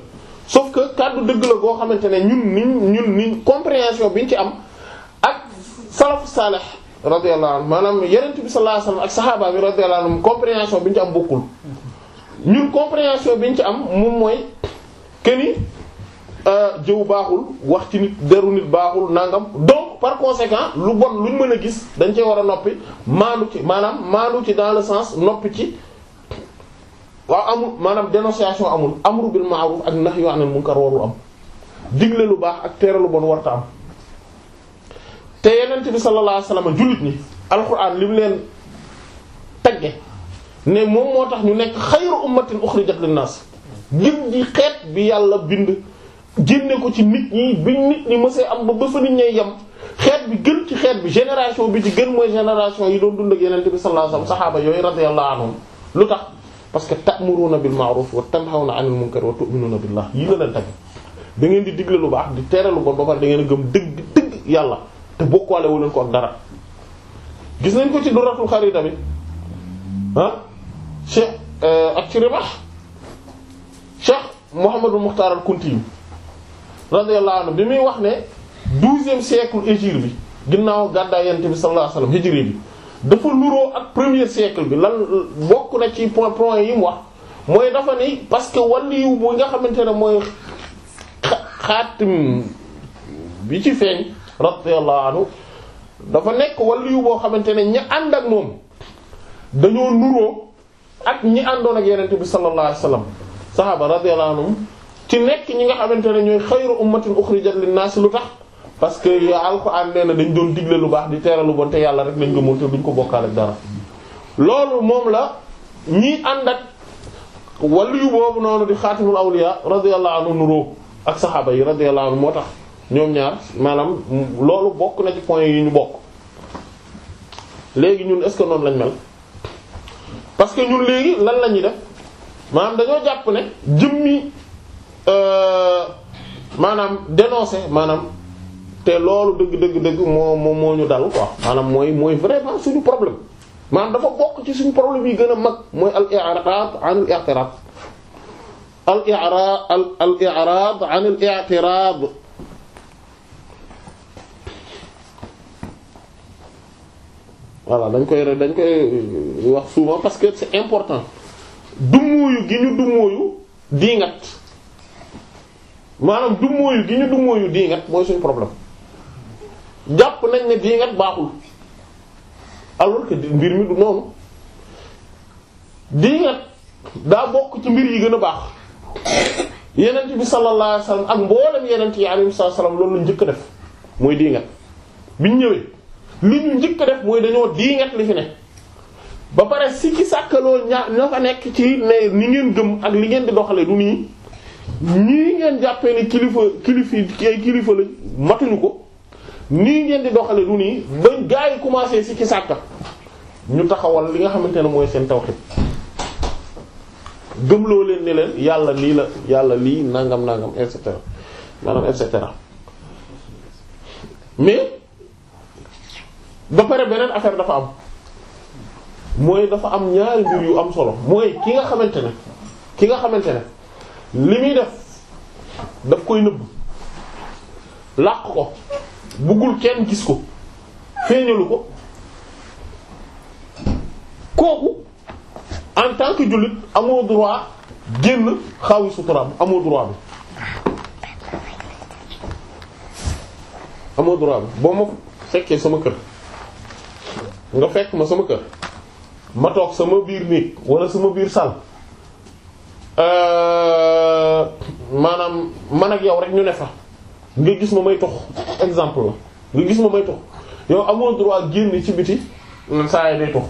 sauf que kàddu dëgg la goo xamante ne ñun niñ ñun niñ compréhension biñ ci am ak salafu saalih radiyallahu anhu maanaam yenent bi sallallahu alayhi wasallam ak sahaaba bi radiyallahu anhu compréhension biñ ci am bokkul ñun compréhension bi ñu ci am moom mooy que ni euh, jëw baaxul wax ci nit deru nit baaxul nangam donc par conséquent lu bon luñ mën a gis dañ cee war a noppi maandu ci maanaam maandu ci dans le sens noppi ci waaw amul maanaam dénonciation amul amru bil ma'ruf ak nahyu anil munkar warul am digle lu baax ak tere lu bon warta am te yenent ti sallallahu alayhi wasallam jullit ni alxuraan li mu leen tagge ne moom moo tax ñu nekk xayru ummatin ukhrijat linnaas gën di xeet bi yàlla bind jënde ko ci nit ñi bi nit ñi mësee am ba ba fa nit ñay yem xeet bi gën ci xeet bi génération bi ci gën mooy génération yi doon dund ak yeneen bi sallallahu saxaaba yooyu radiyallahu anhum lu tax parce que ta'muruna bil ma'ruf wa tanhawna 'anil munkar wa tu'minuna billah yi la leen tamit da ngeen di digle lu baax di tere lu bon ba pare da ngeen a gëm dëgg dëgg yàlla te bokkaale wu leen ko ak dara gis nañ ko ci duratul xar yi cheikh euh, ak ci ribax cheikh Mouhamadou Moukhtar al-Kunti radiyallahu anhu bi muy wax ne douzième siècle hégire bi ginnaaw gàddaay bi sallallahu alayhi wasallam hégire bi dafa nuroo ak premier siècle bi lan bokk na ci point point yi mu wax mooy dafa ni parce que waliyu bu nga xamante ne mooy xaatim bi ci feeñ radiyallahu anhu dafa nekk waliyu boo xamante ne ña ànd ak moom dañoo nuroo ak ñi àndoon ak yenente bi sallallahu alayhi wasallam sahaaba radiyallahu anhum ci nekk ñi nga xamante ne ñooy xayru ummatin ukhrijat linnaas lu tax parce que alxuraan nee na dañ doon digle lu baax di teeralu lu bon te yàlla rek lañ gëmoon te duñ ko bokkaale ak dara loolu moom la ñii ànd ak wàllu noonu di xaatimul awliya radiyallahu anhu nuroo ak saxaaba yi radiyallahu anhu moo tax ñoom ñaar maanaam loolu bokk na ci point yi ñu bokk léegi ñun est noonu lañ mel parce que ñun léegi lan la ñuy def maanaam dañoo jàpp ne jëmmi euh, maanaam dénoncer maanaam te loolu dëgg dëgg dëgg moo moo ñu dal quoi maanaam mooy mooy vraiment suñu problème maanaam dafa bokk ci suñu problème yi gën a mag mooy al i'rad an al i'tirad al i'rad al i'rad al i'tirad voilà dañ koy dañ koy euh, wax souvent parce que c'est important dummóoyu gi ñu dummóoyu diingat maanaam dummóoyu gi ñu dummóoyu diingat mooy suñu problème jàpp nañ ne diingat baaxul alors que mbir mi du noonu diingat daa bokk ci mbir yi gën a baax yenent bi sallallahu alayhi wasallam ak mboolem yenent yi alayhi wasallam loolu lañ njëkk a def mooy diingat biñ ñëwee li ñu njëkk def mooy dañoo diingat li fi ne ba pare si ki sàkkaloo ña ña fa nekk ci ne ni ngeen gëm ak li ngeen di doxale du nii ñii ngeen jàppee ni kilifa kilifi kilifa la matuñu ko nii ngeen di doxale du nii ba gaa yi commencé sikki ki sàkka ñu taxawal li nga xamante ne mooy seen tawhid gëmloo leen ne leen yàlla lii la yàlla lii nàngam nangam et cetera maanaam et cetera mais ba pare beneen affaire dafa am mooy dafa am ñaari mbir yu am solo mooy ki nga xamante ne ki nga xamante ne li muy def daf koy nëbb làq ko buggul kenn gis ko feeñalu ko kooku en tant jullit amoo droit génn xaawi suturaam amoo droit bi amoo droit bi boo ma fekkee sama kër nga fekk ma sama kër ma toog sama biir néeg wala sama biir sal euh, maanaam man ak yow rek ñu ne fa nga gis ma may tox exemple la nga gis ma may tox yow amoo droit génn ci biti saa yi day tox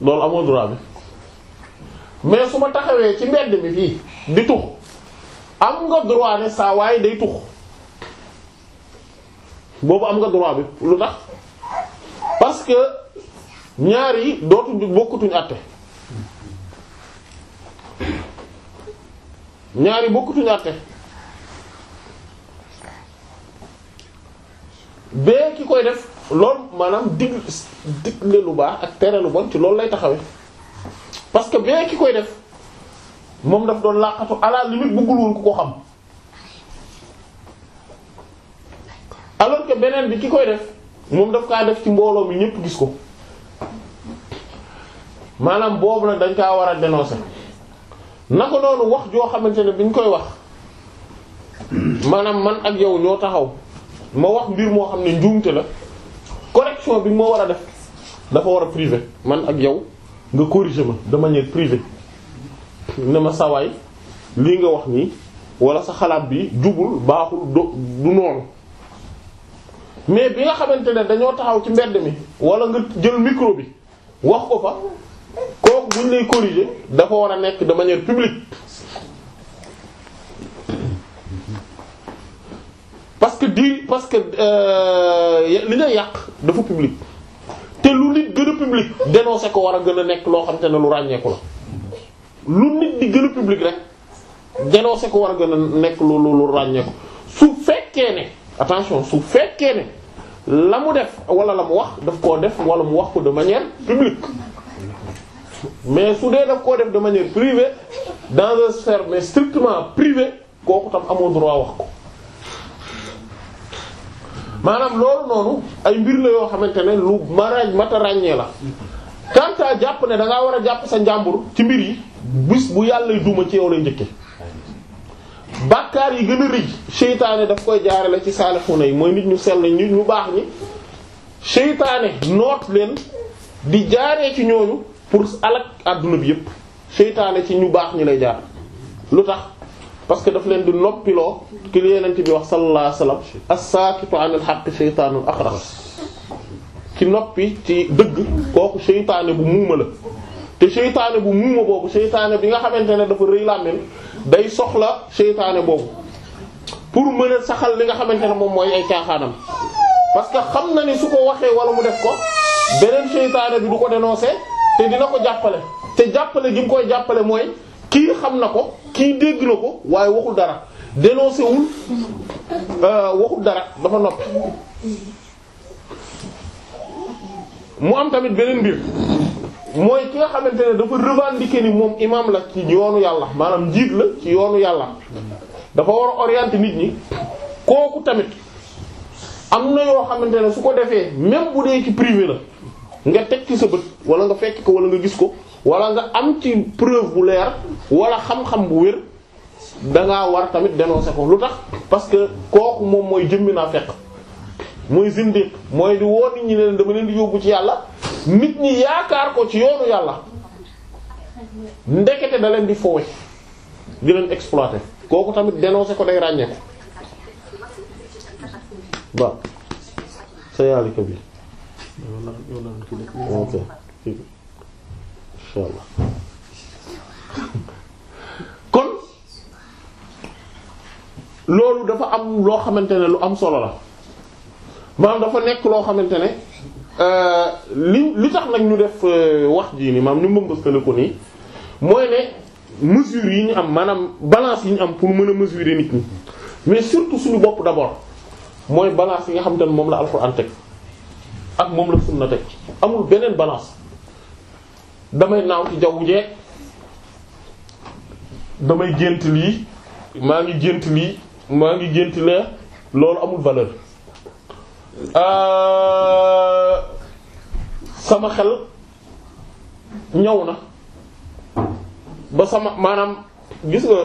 loolu amoo droit bi mais su ma taxawee ci mbedd mi fii di tux am nga droit ne saa waaye day tux boobu am nga droit bi lu tax que ñaar yi dootuñu bokkutuñu àtte ñaar bokkutuñu àtte bee ki koy def loolu maanaam dig digle lu baax ak tere lu bon ci loolu lay taxawee parce que bee ki koy def moom daf doon làqatu à la limite bëggul woon ku ko xam alors que beneen bi ki koy def. moom daf kaa def ci mbooloo mi ñépp gis ko maanaam boobu nag dañ kaa war a dénoncer naka noonu wax joo xamante ne biñ koy wax maanaam man ak yow ñoo taxaw ma wax mbir moo xam ne njuumte la correction bi moo war a def dafa war a privé man ak yow nga corriger ma de manière privée ne ma sawaay lii nga wax nii wala sa xalaat bi jubul baaxul du noonu mais bi nga xamante ne dañoo taxaw ci mbedd mi wala nga jël micro bi wax ko fa kooku buñ lay corriger dafa war a nekk dama manière publique parce que di parce que euh, li nga yàq dafa public te lu nit gën a public dénoncer ko war a gën a nekk loo xam te ne lu ràññeeku la lu nit di gën a public rek dénoncer ko war a gën a nekk lu lu ràññeeku su fekkee ne attention su fekkee ne la mu def wala la mu wax daf koo def wala mu wax ko de manière publique mais su dee daf koo def de manière privée dans un sphère mais strictement privée kooku tam amoo droit wax ko maanaam loolu noonu ay mbir la yoo xamante ne lu maraaj mata ràññee la quant jàpp ne da ngaa war a jàpp sa njàmbur ci mbir yi bis bu yàlla duma ci yow lay njëkke bàkkaar yi gën a rëy seytaane daf koy jaarale ci saalixuna yi mooy nit ñu sell nit ñu baax ñi seytaane noot leen di jaaree ci ñooñu pour alak àdduna bi yépp seytaane ci ñu baax ñi lay jaar lu tax parce que daf leen di noppiloo ki li ci bi wax sallallahu alayhi wasallam as-saakitu anil haqqi sheytaanun ci noppi ci dëgg kooku seytaane bu muuma la te seytaane bu muuma boobu seytaane bi nga xamante ne dafa rëy làmmiñ day soxla seytaane boobu pour mën saxal li nga xamante ne moom mooy ay caaxaanam parce que xam na ni su ko waxee wala mu def ko beneen seytaane bi du ko dénoncer te dina ko jàppale te jàppale gi mu koy jàppale mooy kii xam na ko kii dégg na ko waaye waxul dara dénoncé wul euh, waxul dara dafa noppi mu am tamit beneen mbir mooy ki nga xamante ne dafa revendiquer ni moom imaam la ci yoonu yàlla maanaam njiit la ci yoonu yàlla dafa war a orienter nit ñi kooku tamit am na yoo xamante ne su ko defee même bu dee ci privé la nga teg ci sa bët wala nga fekk ko wala nga gis ko wala nga am ci preuve bu leer walla xam-xam bu wér dangaa war tamit dénoncer ko lu tax parce que kooku moom mooy jëmmi naa fekk mooy zindiq mooy di woo nit ñi ne dama leen di yóbbu ci yàlla nit ñi yaakaar ko ci yoonu yàlla ndekete da di foowe di leen exploiter kooku tamit dénoncer ko day ràññee ko sa yaalika bi kon loolu dafa am loo xamante ne lu am solo la maanaam dafa nekk loo xamante ne Euh, li li tax nag ñu def euh, wax jii ni maam ñu mbëmbastale ko nii mooy ne mesure yi ñu am maanaam balance yi ñu am pour mën a mesurer nit ñi mais surtout suñu bopp d'abord mooy balance yi nga xam te ne moom la alxuraan teg ak moom la sunna teg amul beneen balance damay naaw ci jaww jeeg damay gént lii maa ngi gént lii maa ngi gént leer loolu amul valeur Euh, sama xel ñëw na ba sama maanaam gis nga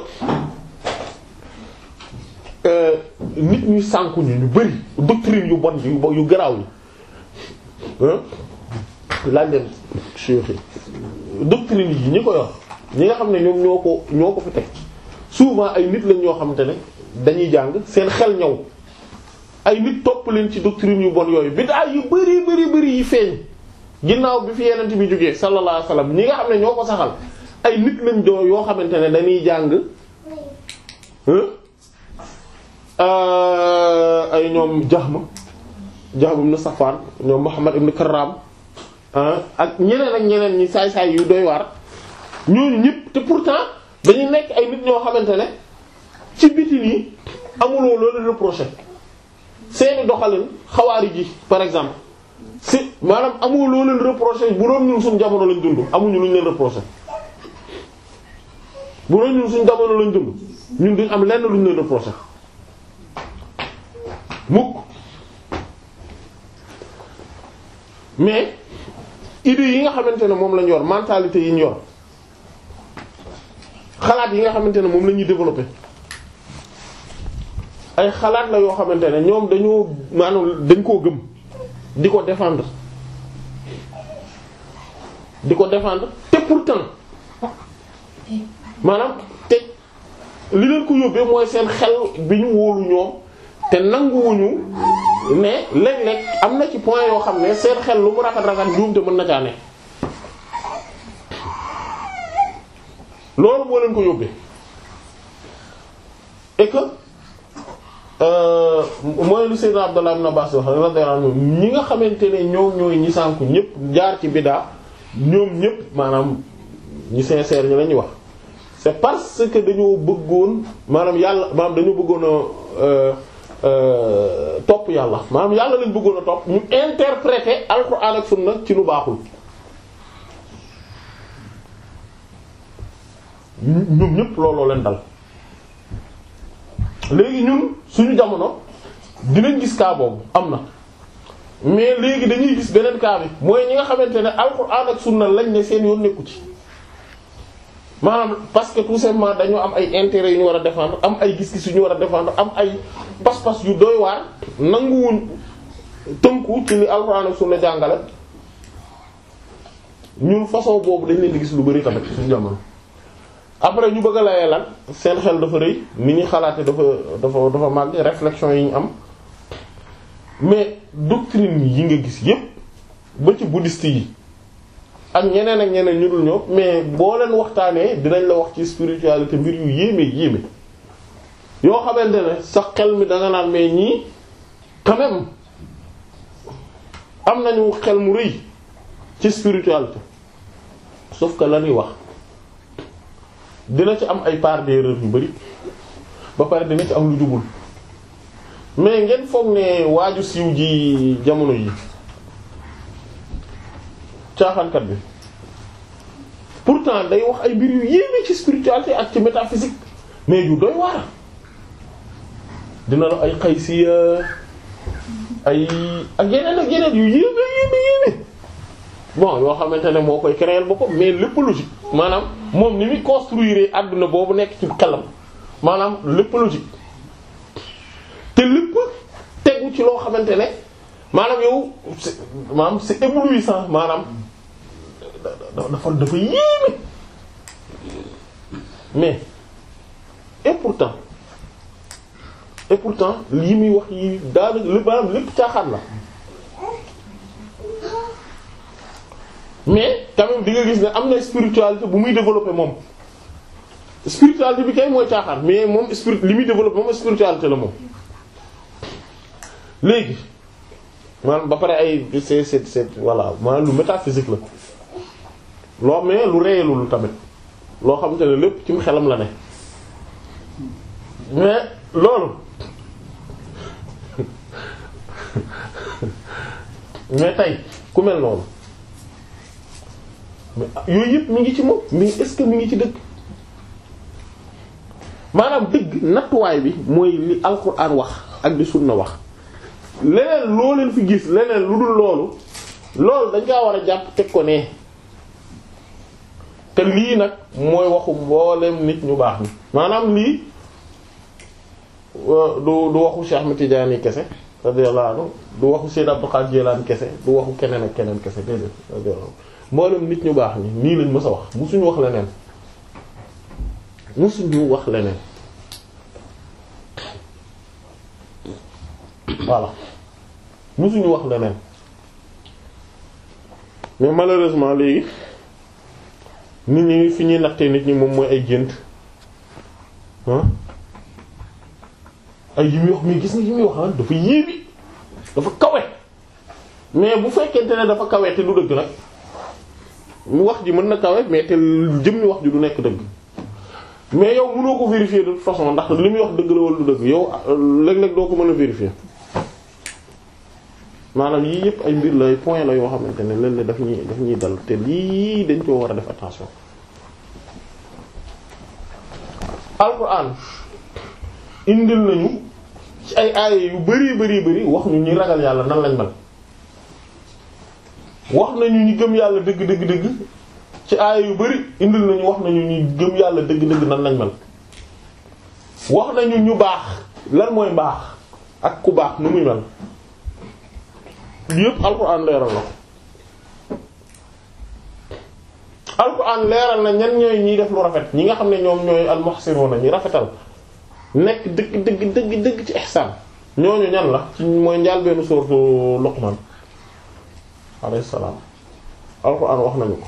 euh, nit ñu sànku ñu ñu bari doctrine yu bon yu garaaw yi laaj leen cheikh doctrine yi ñi ko yor ñi nga xam ne ñoom ñoo ko ñoo ko fi teg souvent ay nit lañ ñoo xamante ne dañuy jàng seen xel ñëw ay nit topp leen ci doctrine yu bon yooyu bid'a yu bëri bëri bëri yi feeñ ginnaaw bi fi yenent bi jógee sallallahu alayhi wasallam ñi nga xam ne ñoo ko saxal ay nit lañ doo yoo xamante ne dañuy jàng ay ñoom Jahm Jahm ibn Safwan ñoom Muhammad ibn Karram ak ñeneen ak ñeneen ñi saay-saay yu doy ñëpp te pourtant dañuy nekk ay nit ñoo xamante ne ci biti nii amuloo loolu reproché seeni doxalin xawaari ji par exemple si maanaam amoo loo leen reproché bu doon suñ jamono lañ dund amuñu luñ leen reproché bu doon ñun suñ jamono lañ dund ñun duñ am lenn luñ leen reproché mukk mais idées yi nga xamante ne moom lañ yor mentalité yi ñu yor xalaat yi nga xamante ne moom la ñuy développer ay xalaat la yoo xamante ne ñoom dañoo maanaam dañ koo gëm di ko défendre di ko défendre te pourtant maanaam te li leen ko yóbbee mooy seen xel bi ñu wóolu ñoom te nanguwuñu ne léeg-léeg am na ci point yoo xam ne seen xel lu mu rafet rafet te mën na caa ne loolu moo leen ko yóbbee et Euh, mooy lu Seydina Abdallah ibn Abbas wax radiyallahu anhu ñi nga xamante ne ñoom ñooy ñi sànku ñëpp jaar ci biddaa ñoom ñëpp maanaam ñi sincère ñi la ñuy wax. c'est parce que dañoo bëggoon maanaam yàlla maanaam dañu bëggoon a euh, euh, topp yàlla maanaam yàlla lañ bëggoon a topp ñu interpréter alxuraan ak sunna ci lu baaxul. ñoom ñëpp looloo leen dal. léegi ñun suñu jamono dinañ gis kaa am na mais léegi dañuy gis beneen kaa mooy ñi nga xamante ne alxuraan ak sunna lañ ne seen yoon nekku ci maanaam parce que tout simplement dañoo am ay intérêts yu ñu war a défendre am ay gis-gis yu ñu war a défendre am ay pas-pas yu doy nangu woon tënku ci li alxuraan ak sunna jàngale ñun façon boobu dañ leen di gis lu bari tamit suñu jamono. après ñu bëgg a layee seen xel dafa rëy ni ñuy xalaate dafa dafa dafa màgg réflexion yi ñu am mais doctrine yi nga gis yépp ba ci bouddhiste yi ak ñeneen ak ñeneen ñu dul ñëw mais boo leen waxtaanee dinañ la wax ci spiritualité mbir yu yéeme yéeme yoo xamante ne sax xel mi danga naan mais ñii quand am nañu xel mu rëy ci spiritualité sauf que la ñuy wax dina ci am ay part d'erreur yu bëri ba pare dina ci am lu jubul mais ngeen foog ne waaju siiw ji jamono yi caaxaankat bi pourtant day wax ay mbir yu yéeme ci spiritualité ak ci métaphysique mais yu doy waar dina la ay xaysiya ay ak yeneen ak yeneen yu yéeme yéeme bon yoo xamante ne moo koy créer boppam mais lépp logique maanaam moom ni muy construire àdduna boobu nekk ci xelam maanaam lépp logique te lépp tegu ci loo xamante ne maanaam yow maanaam c'est éblouissant maanaam dafa dafa yéeme mais et pourtant et pourtant lii muy wax yi daal maanaam lépp caaxaan la mais tamit di gis ne am na spiritualité bu muy développer moom spiritualité bi kay mooy caaxaan mais moom spirit li muy développer moom spiritualité la moom léegi maanaam ba pare ay c'est c'est c'est voilà maanaam lu métaphysique la loo mais lu réelul tamit loo xamante ne lépp ci xelam la ne mais loolu mais tey ku mel noonu yooyu yëpp mu ngi ci moom mais est-ce que mi ngi ci dëgg maanaam dëgg nattuwaay bi mooy li alquran wax ak di sunna wax leneen loo leen fi gis leneen lu dul loolu loolu dañ kaa war a jàpp teg ko ne te lii nag mooy waxu mboolem nit ñu baax ni maanaam lii euh, du du waxu Cheikh Ahmed Tidiane kese radiyallahu anhu du waxu Sayyid Abdul Qadir Jilani kese du waxu keneen ak keneen kese mboolem nit ñu baax ñi nii lañ mës a wax musuñu wax leneen musuñu wax leneen mu musuñu wax leneen mais malheureusement léegi nit ñi fi ñuy nattee nit ñi moom mooy ay gént ah ay yi muy wax mais gis nga yi muy wax ah dafa yéebi dafa kawe mais bu fekkente ne dafa kawe te lu dëgg nag. wax ji mën na kawe mais te jëm wax ji du nekk dëgg mais yow mënoo ko vérifier de façon ndax li muy wax dëgg la wala dëgg yow euh, léeg-léeg doo ko mën a vérifier maanaam yii yëpp ay mbir lay point la yoo xamante ne léeg-léeg daf ñuy daf ñuy dal te lii dañ koo war a def attention alquran indil nañu ci ay aaya yu bari bari bari wax ñu ñuy ragal yàlla nan lañ mel wax nañu ñu gëm yàlla dëgg dëgg dëgg ci aaya yu bari indil nañu wax nañu ñu gëm yàlla dëgg dëgg nan lañ mel wax nañu ñu baax lan mooy baax ak ku baax nu muy mel yépp alxuraan leeral na alxuraan leeral na ñan ñooy ñiy def lu rafet ñi nga xam ne ñoom ñooy almuhsinoona ñi rafetal nekk dëgg dëgg dëgg dëgg ci ihsaan ñooñu ñan la ci mooy njaal benn soortu Luqman alayhi salaam alxuraan wax nañu ko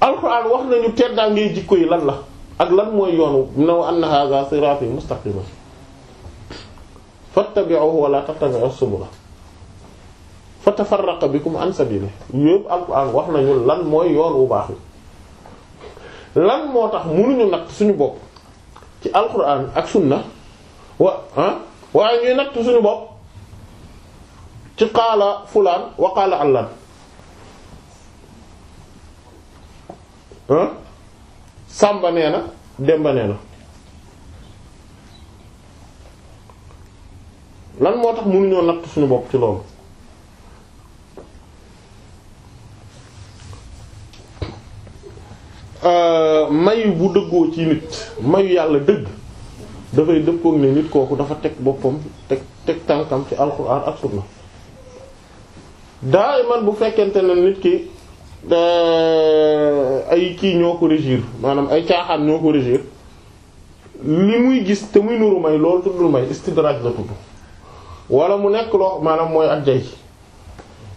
alxuraan wax nañu teddaa ngay jikko yi lan la ak lan mooy yoonu naw anna hadha sirati mustaqima fattabi'uhu wa la tattabi'us subula fatafarraqa bikum an sabili yëpp alxuraan wax nañu lan mooy yoon wu baax yi lan moo tax mënuñu natt suñu bopp ci alxuraan ak sunna wa ah waaye ñuy natt suñu bopp ci qaala fulaan wa qaala allan sàmba nee na demba nee na lan moo tax mënuñoo natt suñu bopp ci loolu euh, mayu bu dëggoo ci nit mayu yàlla dëgg dafay dëppook ne nit kooku dafa teg boppam teg teg tànkam ci alxuraan ak sunna daa iman bu fekkente ne nit ki eh, ay kii ñoo ko régir maanaam ay caaxaan ñoo ko régir li muy gis te muy nuru may loolu tuddul may istidraaj la tudd wala mu nekk loo maanaam mooy ak jay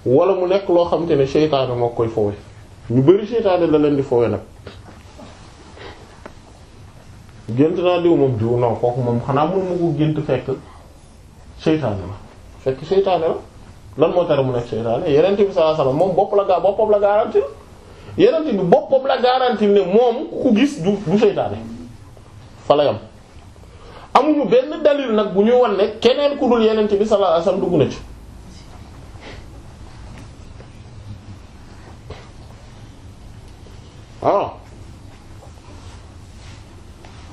wala mu nekk loo xamante ne seytaane moo koy fowe ñu bari seytaane la leen di fowe nag gént naa diw moom diw non kooku moom xanaa mun ma ko gént fekk seytaane la fekk seytaane la lan moo tere mu nekk seytaane yeneen bi sallallahu alayhi wasallam moom bopp la gaa boppam la garantil yeneen bi boppam la garantil ne moom ku gis du du seytaane fa amuñu benn dalil nag bu ñu wan ne keneen ku dul yeneen bi sallallahu alayhi wasallam dugg na ci. waaw ah.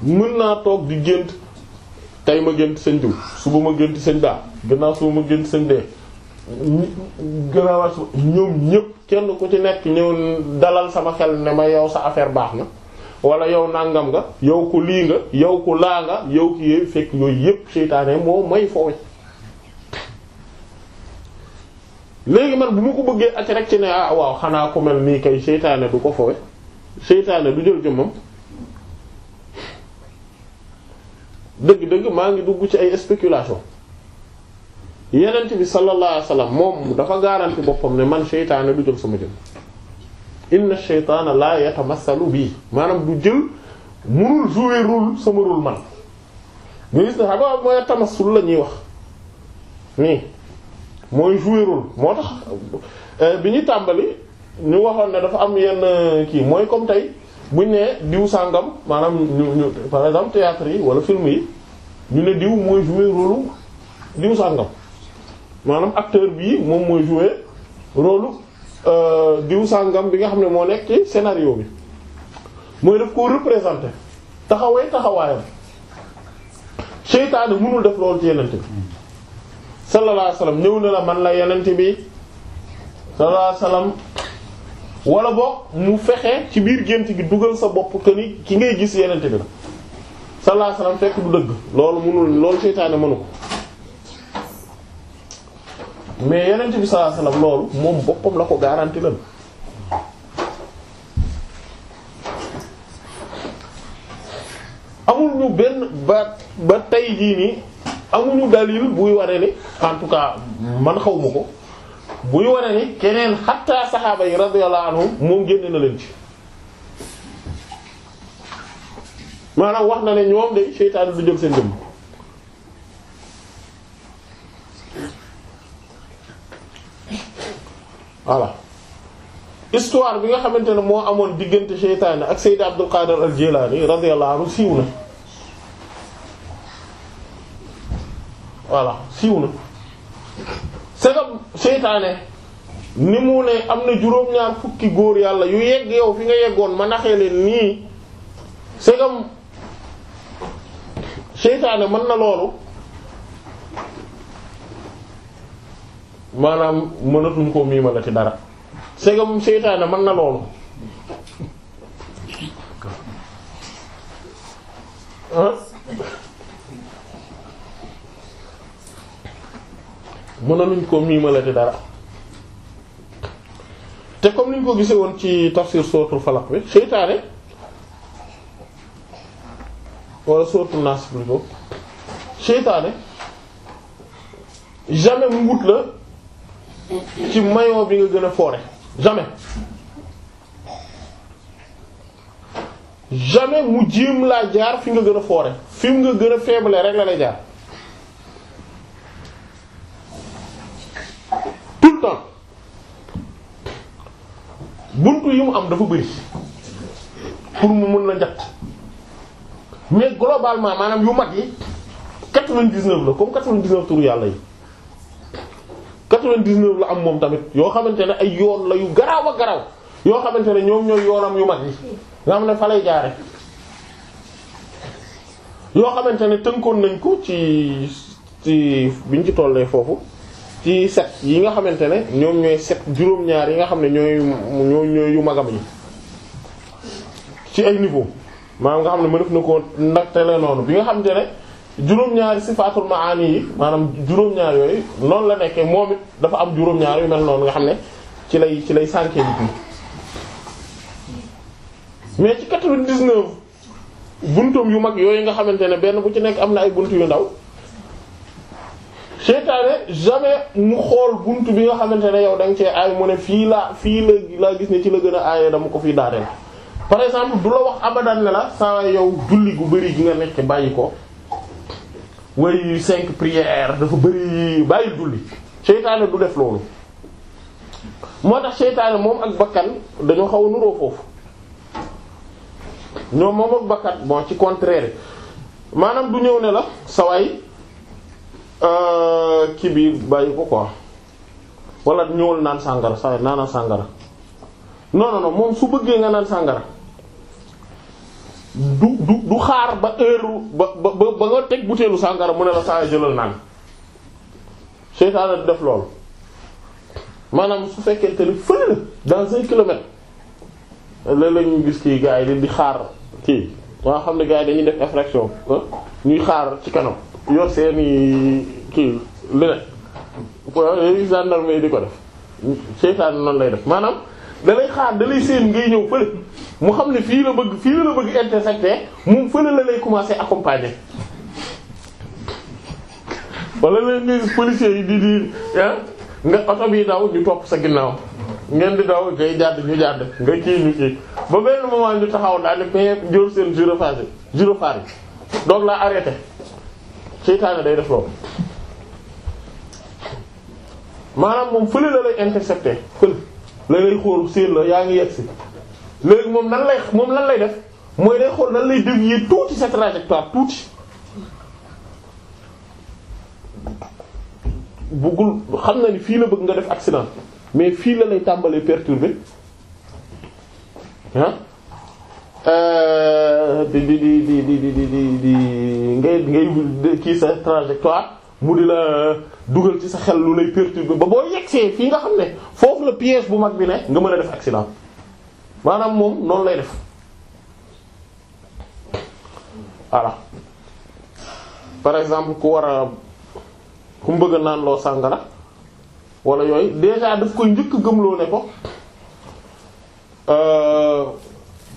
mën naa toog di gént tey ma gént sëñ diw suba ma gént sëñ daa gannaaw suba ma gént sëñ dee gënawa ñoom ñëpp kenn ku ci nekk ñëw dalal sama xel ne ma yow sa affaire baax na wala yow nàngam nga yow ku lii nga yow ku laa nga yow ki yooyu fekk yooyu yëpp seytaane moo may foofu léegi man bu ma ko bëggee at rek ci ne ah waaw xanaa ku mel nii kay seytaane du ko fowe seytaane du jël jëmmam dëgg-dëgg maa ngi dugg ci ay speculation yenent bi sallallahu alayhi wasallam moom dafa garanti boppam ne man seytaane du jël sama jëm inna seytaana la yatamassalu bii maanaam du jël munul jouer rôle sama rôle man nga gis ne xam mooy tamassul la ñuy wax nii mooy jouer rôle moo tax euh, bi ñu tàmbali ñu waxoon ne dafa am yenn euh, kii mooy comme tey buñ nee diw sàngam maanaam ñu ñu par exemple théâtre yi wala film yi ñu ne diw mooy jouer diw sàngam maanaam acteur bii moom mooy jouer rôle euh, diw sàngam bi nga xam ne moo nekk ci scénario bi mooy def koo représenter taxawee taxawaayam seytaane mënul def loolu ci yenente bi sallallahu alayhi wasallam ñëw na man la yenente bi sallallahu alayhi wasallam wala boog mu fexe ci biir gént gi dugal sa bopp que ni ki ngay gis yenente bi la sallallahu alayhi wasallam fekk du dëgg loolu mënul loolu seytaane mënu ko mais yeneen bi sallallahu alayhi wasallam loolu moom boppam la ko garanti lan amul ñu benn ba ba tey jii nii amuñu dalil buy ware ni en tout cas man xaw ma ko buy wane ni keneen xatta saxaaba yi radiyallahu anhum moom génne na leen ci maanaam wax na ne ñoom de seytaane bu jël seen jëmm voilà histoire bi nga xamante ne moo amoon diggante seytaane ak Seydou Abdul Qadir al Jilani radiyallahu anhu siiw na voilà siiw na c'est seytaane ni mu ne am na juróom-ñaar fukki góor yàlla yu yegg yow fi nga yeggoon ma naxee leen nii c'est seytaane mën na loolu. maanaam mënatuñ koo miimalati dara segam seytaane mën na loolu mënaluñ koo miimalati dara te comme niñ ko gisee woon ci tafsir sootul falaq bi seytaane wala sootul naas plutôt seytaane jamais mu la ci maillot bi nga gën a foore jamais jamais mu jéem laa jaar fi nga gën a foore fi nga gën a faible rek la lay jaar tout le temps buntu yi mu am dafa bari pour mu mën na njatt mais globalement maanaam yu mag yi quatre vingt dix la comme quatre vingt dix yàlla yi quatre-vingt-dix-neuf la am moom tamit yoo xamante ne ay yoon la yu garaaw a garaaw yoo xamante ne ñoom ñooy yoonam yu mag yi nga xam ne fa yoo xamante ne tënkoon nañ ko ci ci biñ ci tollee foofu ci set yi nga xamante ne ñoom ñooy set yi nga xam ne ñooy ñooy yu magam yi ci ay niveau maanaam nga xam ne mënef na koo ndaxte la noonu bi nga xamante ne juróom ñaar sifaatul maani yi maanaam juróom-ñaar yooyu noonu la nekkee moom it dafa am juróom-ñaar yu mel noonu nga xam ne ci lay ci lay sànkee nit ñi mais ci quatre-vingt-dix-neuf buntum yu mag yooyu nga xamante ne benn bu ci nekk am na ay bunt yu ndaw seytaane jamais mu xool bunt bi nga xamante ne yow da nga cee aay mu ne fii laa fii la laa gis ne ci la gën a aayee dama ko fii daaneel par exemple du la wax abadan ne la saa yow julli gu bari gi nga nekk bàyyi ko way cinq prières dafa bëri bàyyi julli seytaane du def loolu moo tax seytaane moom ak bakkan dañoo xaw a nuroo foofu ñoom moom ak bakkan bon ci contraire maanaam du ñëw ne la sawaay euh, kii bi bàyyi ko quoi wala ñëwal naan sàngara sawaay naanal sàngara noonu non non moom su bëggee nga naan sàngara du du du xaar ba heure ba ba ba nga teg butéelu sàngara mu ne la saa jëlal naan seytaane def loolu maanaam su fekkente ni fële la dans un kilomètre la la gis kii gars yi di xaar kii waa xam ne gars yi dañuy def infraction ñuy xaar ci kanam yor seeni kii leneen gendarmerie di ko def seytaane noonu lay def maanaam da lay xaar da lay ngay ñëw fële mu xam ne fii la bëgg fii la la bëgg intersecté moom fële la lay commencer accompagner. wala leen gis policiers yi di di ah nga oto bi daw ñu topp sa ginnaaw ngeen di daw ngay jàdd ñu jàdd nga kii ñu kii ba benn moment ñu taxaw daal di pexe seen gyrophare gyrophare yi doog laa arrêté seytaane day def loolu maanaam moom fële la lay intercepté fële. la lay xool séen la yaa ngi yegg si léegi moom nan lay moom lan lay def mooy day xool nan lay dévier tuuti sa trajectoire tuuti buggul xam na ni fii la bëgg nga def accident mais fii la lay tàmbalee perturber ah di di di di di di di ngay ngay kii sa trajectoire mu di la dugal ci sa xel lu lay bi ba boo yegsee fii nga xam ne foofu la piège bu mag bi ne nga mën a def accident maanaam moom noonu lay def voilà par exemple ku war a ku mu bëgg naan loo sàngara wala yooyu déjà daf koy njëkk gëmloo ne ko euh,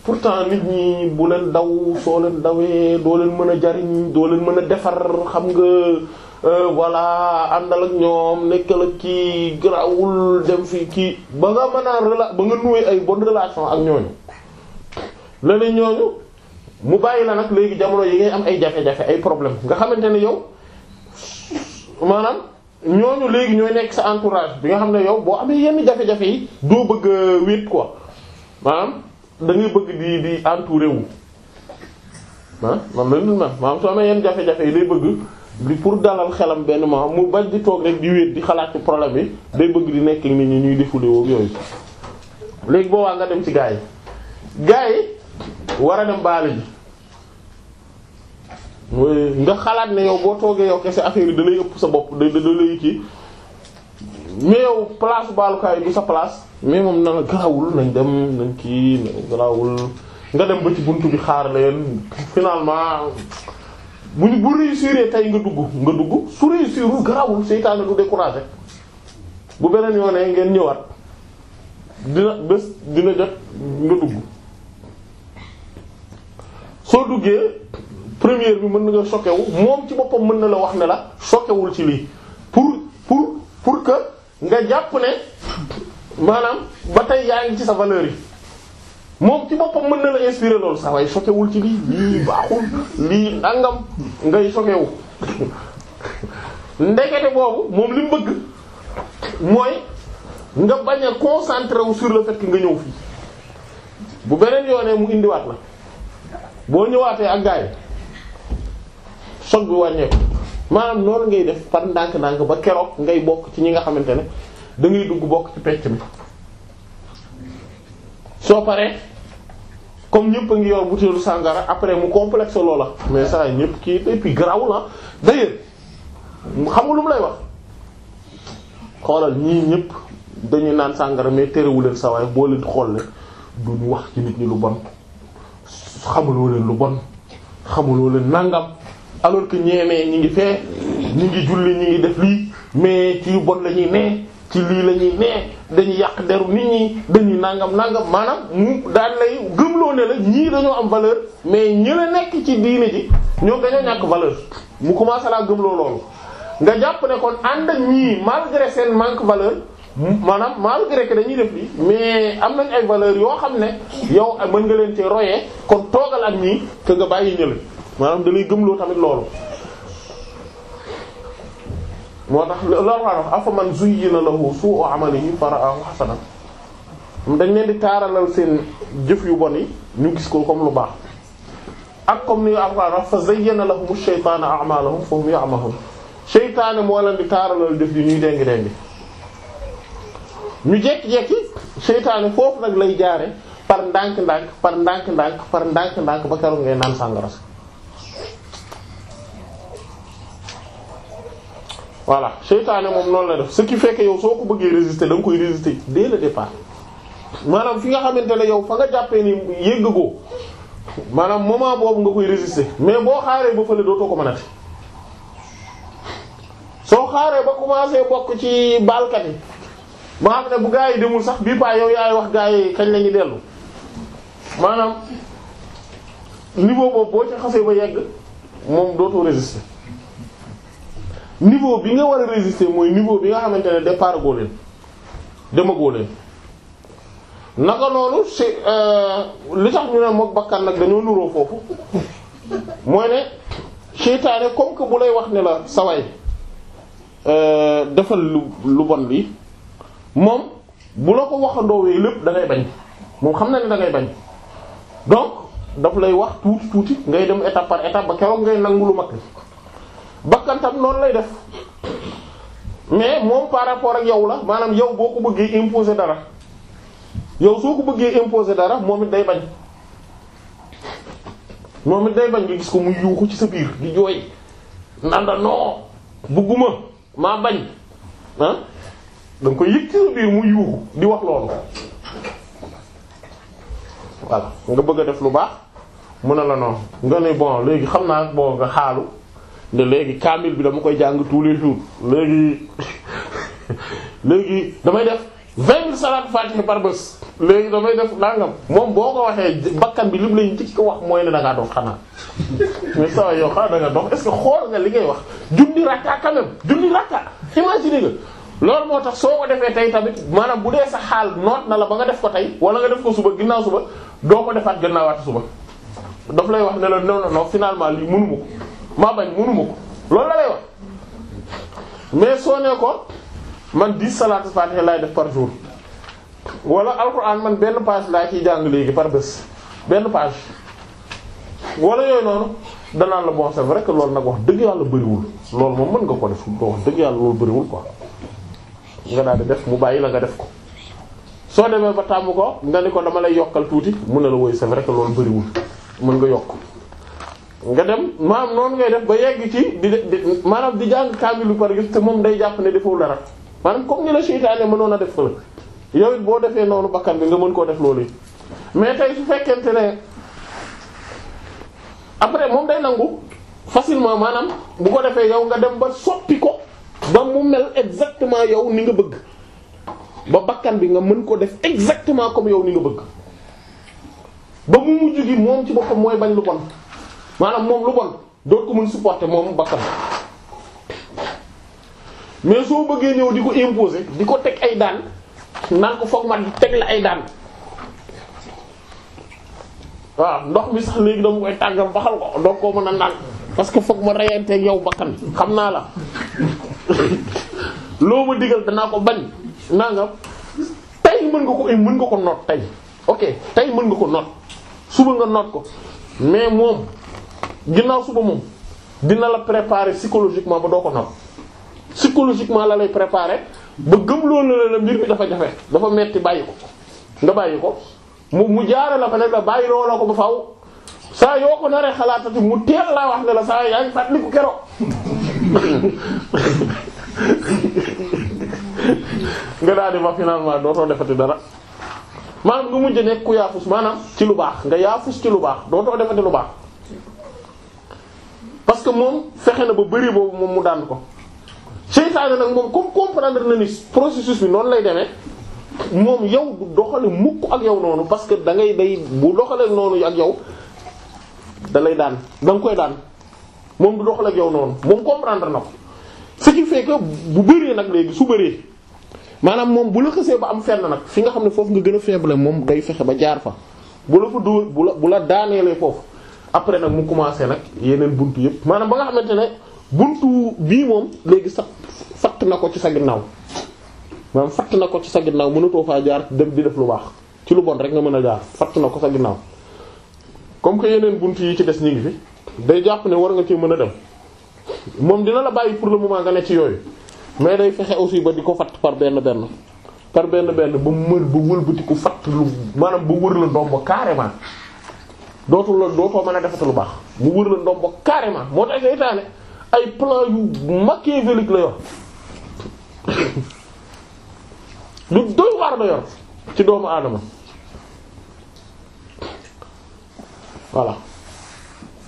pourtant nit ñi bu leen daw soo leen dawee doo leen mën a jariñ doo leen mën a defar xam nga Euh, voilà àndal ak ñoom nekkal ak kii grawul dem fi kii ba nga mën a rela ba nga nouer ay bonne relation ak ñooñu leneen ñooñu mu bàyyi la nag léegi jamono yi ngay am ay jafe-jafe ay problème nga xamante ne yow maanaam ñooñu léegi ñooy nekk sa entourage bi nga xam ne yow boo amee yenn jafe-jafe yi doo bëgg a wéet quoi maanaam da bëgg di di entouré wu ah man la man maanaam soo amee yenn jafe-jafe yi day bëgg. di pour dalal xelam benn moment mu bañ di toog di wéet di xalaat ci problème bi day bëgg di nekk nit ñi ñuy déful woog yooyu léegi boobaa nga dem ci gaa yi gaa yi war a dem baale ji nga xalaat ne yow boo toogee yow kese affaire yi da ëpp sa bopp da da lay kii mais yow place baalukaay bi sa place mais moom na la garawul nañ dem nañ kii garawul nga dem ba ci buntu bi xaar leen bu ñu bu réussir tey nga dugg nga dugg su réussirul garawul seytaane du découragé bu beneen yoonee ngeen ñëwaat dina bés dina jot nga dugg soo duggee première bi mën na nga choqué wu moom ci boppam mën na la wax ne la choqué ci lii pour pour pour que nga jàpp ne maanaam ba tey yaa ngi ci sa valeur yi moom ci boppam mën na la inspiré loolu sa way sokewul ci lii lii baaxul lii nangam ngay sokewu ndekete boobu moom li mu bëgg mooy nga bañ a concentré wu sur le nga ñëw fii bu beneen yoonee mu indiwaat la boo ñëwaatee ak gaay soog bi wàññeeku maanaam noonu ngay def par ndànk-ndànk ba keroog ngay bokk ci ñi nga xamante ne da ngay dugg bokk ci pecc mi soo paree comme ñëpp a ngi yor butéelu sàngara après mu complexe loola mais ça ñëpp kii et puis garaaw la d'ailleurs mu lay wax xoolal ñii ñëpp dañuy naan sàngara mais terewu leen sa boo leen xool ne duñu wax ci nit ñi lu bon xamuloo leen lu bon xamuloo leen nangam alors que ñeenee ñi ngi fee ñi ngi julli ñi ngi def lii mais ci yu bon la ñuy nee ci lii la nee dañuy yàq deru nit ñi dañuy nangam nangam maanaam mu daal lay gëmloo ne la ñii dañoo am valeur mais ñi la nekk ci diine ji ñoom dañoo ñàkk valeur mu commencé laa gëmloo loolu nga jàpp ne kon ànd ak ñii malgré seen manque valeur maanaam malgré que dañuy def li mais am nañ ay valeur yoo xam ne yow mën nga leen ci royee kon toogal ak ñii que nga bàyyi ñële maanaam da lay gëmloo tamit loolu moo tax loolu wax afaman zuyyina lahu su'u amalihi fara'ahu hasanan dañ leen di taaralal seen jëf yu bon yi ñu gis ko comme lu baax ak comme ni Alxuraan wax fa zayyana lahumu shaytaanu a'maalahum fa hum ya'mahuun seytaane moo leen di taaralal jëf yi ñuy dengi dengi ñu jekki-jekki seytaane foofu nag lay jaare par ndànk-ndànk par ndànk-ndànk par ndànk-ndànk ba keroog ngay naan sàngara voilà seytaane moom noonu la def ce ki fait que yow soo ko bëggee résister da nga koy résister dès le départ maanaam fi nga xamante ne yow fa nga jàppee ni yëgg goo maanaam moment boobu nga koy résister mais boo xaaree ba fële dootoo ko mënati soo xaaree ba commencé bokk ci baalkat yi ma xam ne bu gaa yi demul sax bii paa yow yaay wax gaa yi kañ la ñuy dellu maanaam niveau boobu boo ci xasee ba yegg moom dootoo résister. niveau bi nga war a résister mooy niveau bi nga xamante ne départ goo leen dema goo leen naka si euh, li tax ñu ne mook bakkan nag dañoo nuroo foofu mooy ne seytaane comme que bu lay wax ne la saway euh, defal lu lu bon bi moom bu la ko waxandoowee lépp da ngay bañ moom xam na ne da ngay bañ donc daf lay wax tuuti tuuti ngay dem étape par étape ba keroog ngay nangu lu mag li bakkan tam noonu lay def mais moom par rapport ak yow la maanaam yow boo ko bëggee imposer dara yow soo ko bëggee imposer dara moom it day bañ moom it day bañ nga gis ko muy yuuxu ci sa biir di jooy nanda non bëgguma maa bañ ah koy yëg ci sa biir muy yuuxu di wax loolu voilà nga bëgg a def lu baax mun ne la noonu nga ne bon léegi xam naa bon nga xaalu ne léegi kaamil bi dama koy jàng tous les jours léegi léegi damay def vingt salaat fatiha par bés léegi damay def nangam moom boo ko waxee bakkan bi lim lañu ci ko wax mooy ne da ngaa dox xanaa mais saa yoo xam da nga xool nga li ngay wax junni rakka quand même junni rakka imagine nga loolu moo tax soo ko defee tey tamit maanaam bu dee sa xaal noot na la ba nga def ko tey wala nga def ko suba ginnaaw suba doo ko defaat gannaawaati lay wax ne la non maa bañ mënuma ko loolu la lay wax mais soo ne ko man dix salaatul faatiha laay def par jour wala alxuraan man benn page laa ciy jàng léegi par bés benn page wala yooyu noonu danaan la bon c'est vrai loolu nag wax dëgg yàlla bëriwul loolu moom mën nga ko def ko wax dëgg yàlla loolu bëriwul quoi nga daal di def mu bàyyi la nga def ko soo demee ba tàmm ko nga ni ko dama lay yokkal tuuti mu ne la woy c'est vrai que loolu bëriwul mën nga yokk nga dem maanaam noonu ngay def ba yegg ci di de maanaam di jàng kaamilu par gis te moom day jàpp ne defoo dara maanaam comme ni la seytaane mënoon a def fële yow boo defee noonu bakkan bi nga mën koo def loolu mais tey su fekkente ne après moom day nangu facilement maanaam bu ko defee yow nga dem ba soppi ko ba mu mel exactement yow ni nga bëgg ba bakkan bi nga mën ko def exactement comme yow ni nga bëgg ba mu mujj gi moom ci boppam mooy bañ lu bon. maanaam moom lu bon doot ko mën supporter moom bakkan mais soo bëggee ñëw di ko imposer di ko teg ay daan naan ko foog ma teg la ay daan waaw ndox mi sax léegi dama koy tàngal baxal ko doo ko mën a naan parce que foog ma reyanteeg yow bakkan xam naa la loo ma digal danaa ko bañ naa nga tey mën nga ko mën nga ko noot tey ok tey mën nga ko noot suba nga noot ko mais moom ginnaaw suba moom dina la préparer psychologiquement ba doo ko nam psychologiquement la lay préparer ba gëm loolu la la mbir mi dafa jafe dafa metti bàyyi ko nga bàyyi ko mu mu jaare la ko nag la bàyyi loo la ko ba faaw saa yoo ko naree xalaatati mu teel laa wax ne la saa yaa ngi fàttaliku kero nga daal di ma finalement dootoo defati dara maanaam nga mujj nekk ku yaafus maanaam ci lu baax nga yaafus ci lu baax doo dootoo defati lu baax parce que moom fexe na ba bëri boobu moom mu daan ko seytaane nag moom comme comprendre na ni processus bi noonu lay demee moom yow du doxale mukk ak yow noonu parce que da ngay day bu doxalee noonu ak yow dalay daan da koy daan moom du doxale ak yow noonu moom comprendre na ko ce que bu bëree nag léegi su bëree maanaam moom bu la xësee ba am fenn nag fi nga xam ne foofu nga gën a faible moom day fexe ba jaar fa bu la fa dóor bu la bu la daaneelee foofu après nag mu commencé nag yeneen buntu yëpp maanaam ba nga xamante ne buntu bii moom léegi sax fatt na ko ci sa ginnaaw maanaam fatt na ko ci sa ginnaaw mënatoo faa jaar dem di def lu baax ci lu bon rek nga mën a jaar fatt na ko sa ginnaaw comme que yeneen buntu yi ci des ñu ngi fi day jàpp ne war nga ci mën a dem moom dina la bàyyi pour le moment nga ne ci yooyu mais day fexe aussi ba di ko fatt par benn benn par benn benn ba mu mën ba wëlbatiku fatt maanaam ba wër la ndomb carrément dootul la dootoo mën a defata lu baax mu wër la ndomba carrément moo tax seytaane ay plan yu machiavélique la yor lu doy waar la yor ci doomu aadama voilà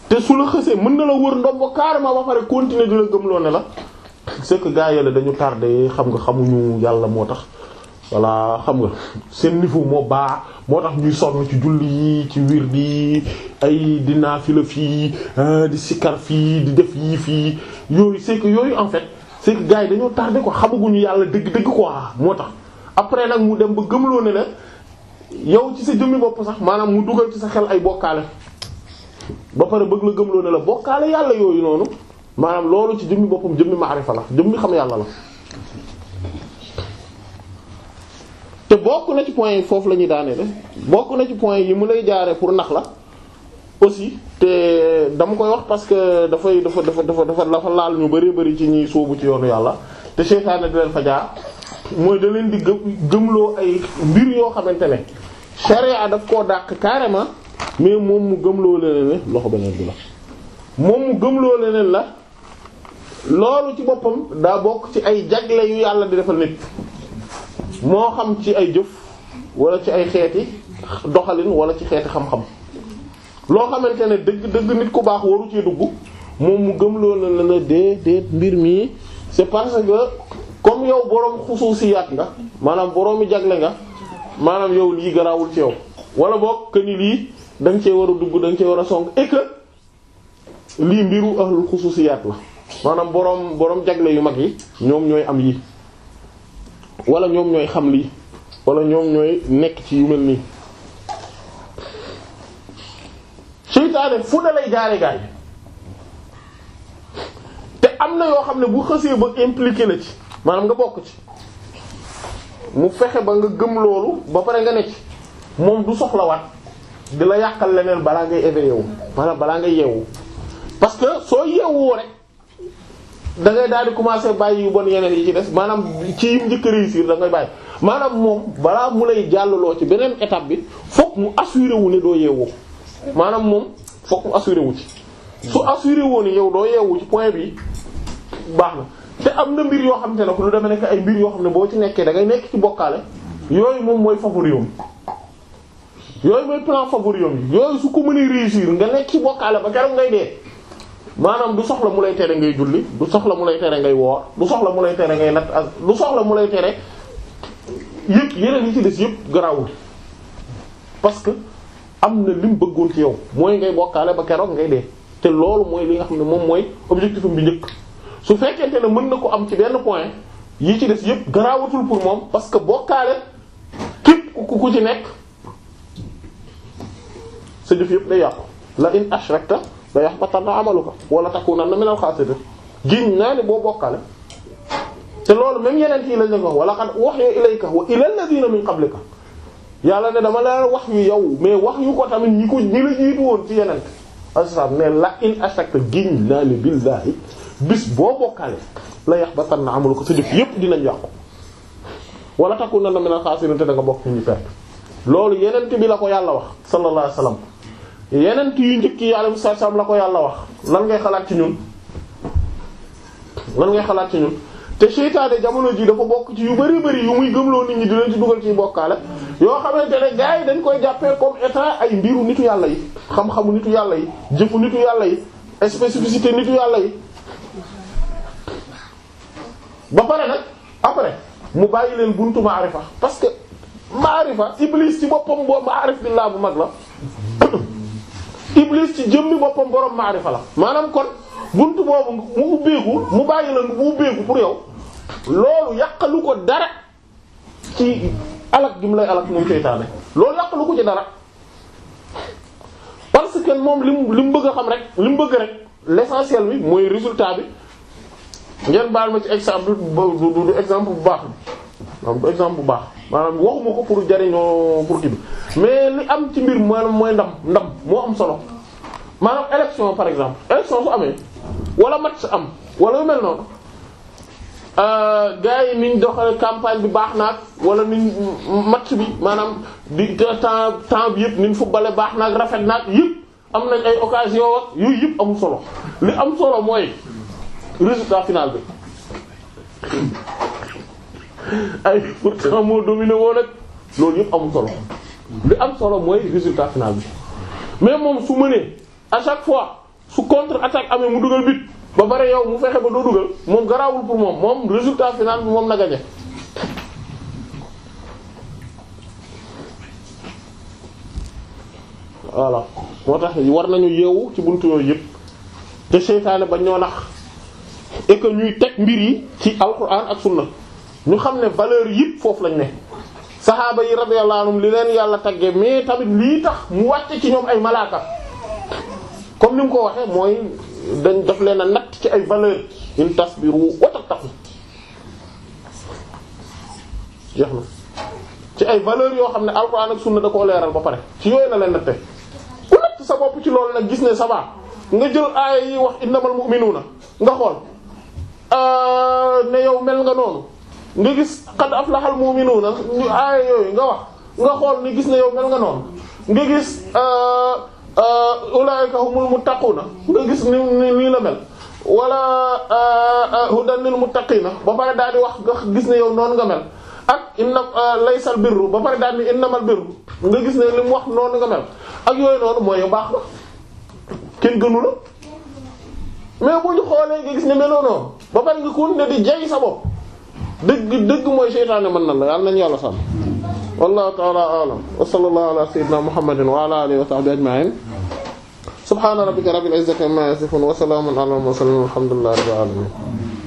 te su la xësee mën na la wër ndomba carrément ba pare continuer di la gëmloo ne la c'est gaa yi dañu dañu tardé xam nga xamuñu yàlla moo tax voilà xam nga seen niveau moo baax moo tax ñuy sonn ci julli yi ci wirdi yi ay di naafila fii ah, di sikar fii di def yii fii yooyu c'est yooyu en fait c'est que yi dañoo tardé ko xamaguñu yàlla dëgg-dëgg quoi moo tax après nag mu dem ba gëmloo ne la yow ci sa jëmmi bopp sax maanaam mu dugal ci sa xel ay bokkaale ba pare bëgg la gëmloo ne la bokkaale yàlla yooyu noonu maanaam loolu ci jëmmi boppam jëmmi maarifa la jëmmi xam yàlla la te bokk na ci point yi foofu la ñuy daanee de bokk point yi mu lay jaaree pour nax la aussi te dama koy wax parce que dafay dafa dafa dafa dafa dafa laal ñu bari bari ci ñuy soobu ci yoonu yàlla te seytaane di leen fa mooy da di gëm gëmloo ay mbir yoo xamante ne sharia daf koo dàq carrément mais moom mu gëmloo leneen la loxo beneen moom mu gëmloo leneen la loolu ci boppam daa bokk ci ay jagle yu yàlla di defal nit moo xam ci ay jëf wala ci ay xeeti doxalin wala ci xeeti xam-xam loo xamante ne dëgg dëgg nit ku baax waru ci dugg moom mu gëm loolu la la déedéet mbir mi c'est parce que comme yow boroom xusuusiyaat nga maanaam boroomi jagle nga maanaam yow lii garaawul ci yow wala boog que lii da nga cee war a dugg da nga war a song et lii mbiru ahlul xusuusiyaat la maanaam boroom boroom jagle yu mag yi ñoom ñooy am yi wala ñoom ñooy xam lii wala ñoom ñooy nekk ci yu mel nii seytaane fu ne lay jaare gaay te am na yoo xam ne bu xësee ba impliqué la ci maanaam nga bokk ci mu fexe ba nga gëm loolu ba pare nga ne ci moom du soxlawaat di la yàqal leneen balaa ngay éveillé wu balaa ngay yeewu parce que soo yeewu rek da ngay daal di commencer bàyyi yu bon yeneen yi ci des maanaam ci njëkk réussir da ngay bàyyi maanaam moom balaa mu lay jàllaloo ci beneen étape bi fokk mu assuré wu ne doo yeewu maanaam moom fokk mu assuré wu ci su assuré woo ni yow doo yeewu ci point bi baax na te am na mbir yoo xam ne ku lu deme nekk ay mbir yoo xam ne boo ci nekkee da ngay nekk ci bokkaale yooyu moom mooy favorium yooyu mooy plan favorium yooyu su ko mënee réussir nga ci bokkaale ba keroog ngay dee maanaam du soxla mu lay tere ngay julli du soxla mu lay tere ngay woor du soxla mu lay tere ngay natt ak du soxla mu lay tere yëpp yeneen yi ci des yëpp garawul parce que am na lim bëggoon ci yow mooy ngay bokkaale ba keroog ngay dee te loolu mooy li nga xam ne moom mooy objectif bi njëkk su fekkente ne mën na ko am ci benn point yi ci des yëpp garaawatul pour moom parce que bokkaale képp ku ku ci nekk sa jëf yëpp day yàqu la in ashrakta la yaxbatanna amaluka wala takunanna minal xaasiriin giñ naa ne boo bokkale te loolu même yeneen kii lañ la wala wa wax uhiya ilayka wa ilal laziina min qablika yàlla ne dama la wax yu yow mais wax yu ko tamit ñi ko ñi la jiitu woon ci yeneen asalaam ne la in ashakta giñ naa ne billaahi bis boo bokkale la yaxbatanna amaluka sa jëf yépp dinañ yàqu wala takunanna minal xaasiriin te da nga bokk ñu perte loolu yeneen bi la ko yàlla wax sallallahu alayhi wa yeneen yu njëkk yi alayhi salaam la ko yàlla wax lan ngay xalaat ci ñun lan ngay xalaat ci ñun te seytaane jamono ji dafa bokk ci yu bari bari yu muy gëmloo nit ñi di ci dugal ciy bokkaale yoo xamante ne gars yi dañ koy jàppee comme état ay mbiru nitu yàlla yi xam-xamu nitu yàlla yi jëfu nitu yàlla yi spécificité nitu yàlla yi ba pare nag après mu bàyyi leen buntu maarifa parce que maarifa iblis ci boppam boo maarif billah bu mag la iblis ci jëmmi boppam borom maarifa la maanaam kon buntu boobu mu ubbeeku mu bàyyi la mu ubbeeku pour yow loolu yàqalu ko dara ci alak gi mu lay alak moom seytaane loolu yàqalu ko ci dara parce que moom li mu li mu bëgg a xam rek li mu bëgg rek l'essentiel bi mooy résultat bi ngeen baal ma ci exemple du exemple bu baax bi du exemple bu baax maanaam waxuma ko pour jariñoo pour kii mais li am ci mbir maanaam mooy ndam ndam moo am solo maanaam élection par exemple élection su amee wala match am wala lu mel noonu euh, gars yi niñ doxale campagne bi baax naag wala niñ match bi maanaam di temps temps bi yëpp niñ footballé baax naak rafet naag yëpp am nañ ay occasion wax yu yëpp amul solo li am solo mooy résultat final bi ay pourtant moo dominé woon ak loolu yëpp amul solo li am solo mooy résultat final bi mais moom su mënee à chaque fois su contre attaque amee mu dugal but ba pare yow mu fexe ba doo dugal moom garaawul pour moom moom résultat final bi moom la gañe voilà moo tax war nañu yeewu ci buntu yooyu yëpp te seytaane ba ñoo nax et que ñuy teg mbir yi ci alquran ak sunna ñu xam ne valeur yëpp foofu lañ ne. saxaaba yi radiyallahu anhum li leen yàlla tagge mais tamit lii tax mu wàcce ci ñoom ay malaaka comme ni mu ko waxee mooy dañ daf leen a natt ci ay valeur in tasbiru wa tattaqu jeex yoo xam ne alxuraan ak sunna da leeral ba pare ci yooyu na leen natte ku natt sa bopp ci loolu nag gis ne ça nga jël aaya yi wax innamal mu'minuna nga xool euh, ne yow mel nga noonu nga gis qad aflahal mu'minuuna ñu aaya nga xool ni gis ne yow mel nga noonu nga gis euh, euh, ulaa'ika humul muttaquuna nga gis ni nii la mel wala euh, hudan lil muttaqiina ba pare daal di wax gis ne yow noonu nga mel ak inna laysal birru ba pare daal ni innamal birru nga gis ne li mu wax noonu nga mel ak yooyu noonu mooy yow baax na kenn gënu la mais xoolee nga gis ne meloo noonu ba pare nga kun ne di jay sa bopp dëgg dëgg mooy seytaane mën na la yàlla nañu yàlla sàmm wallahu ta'ala a'lam wa sallallahu ala sayyidina muhammadin wa ala alihi wa sahbihi ajma'in subhana rabbika rabbil izzati amma yasifun wa salamun ala al mursalin walhamdulillahi rabbil alamin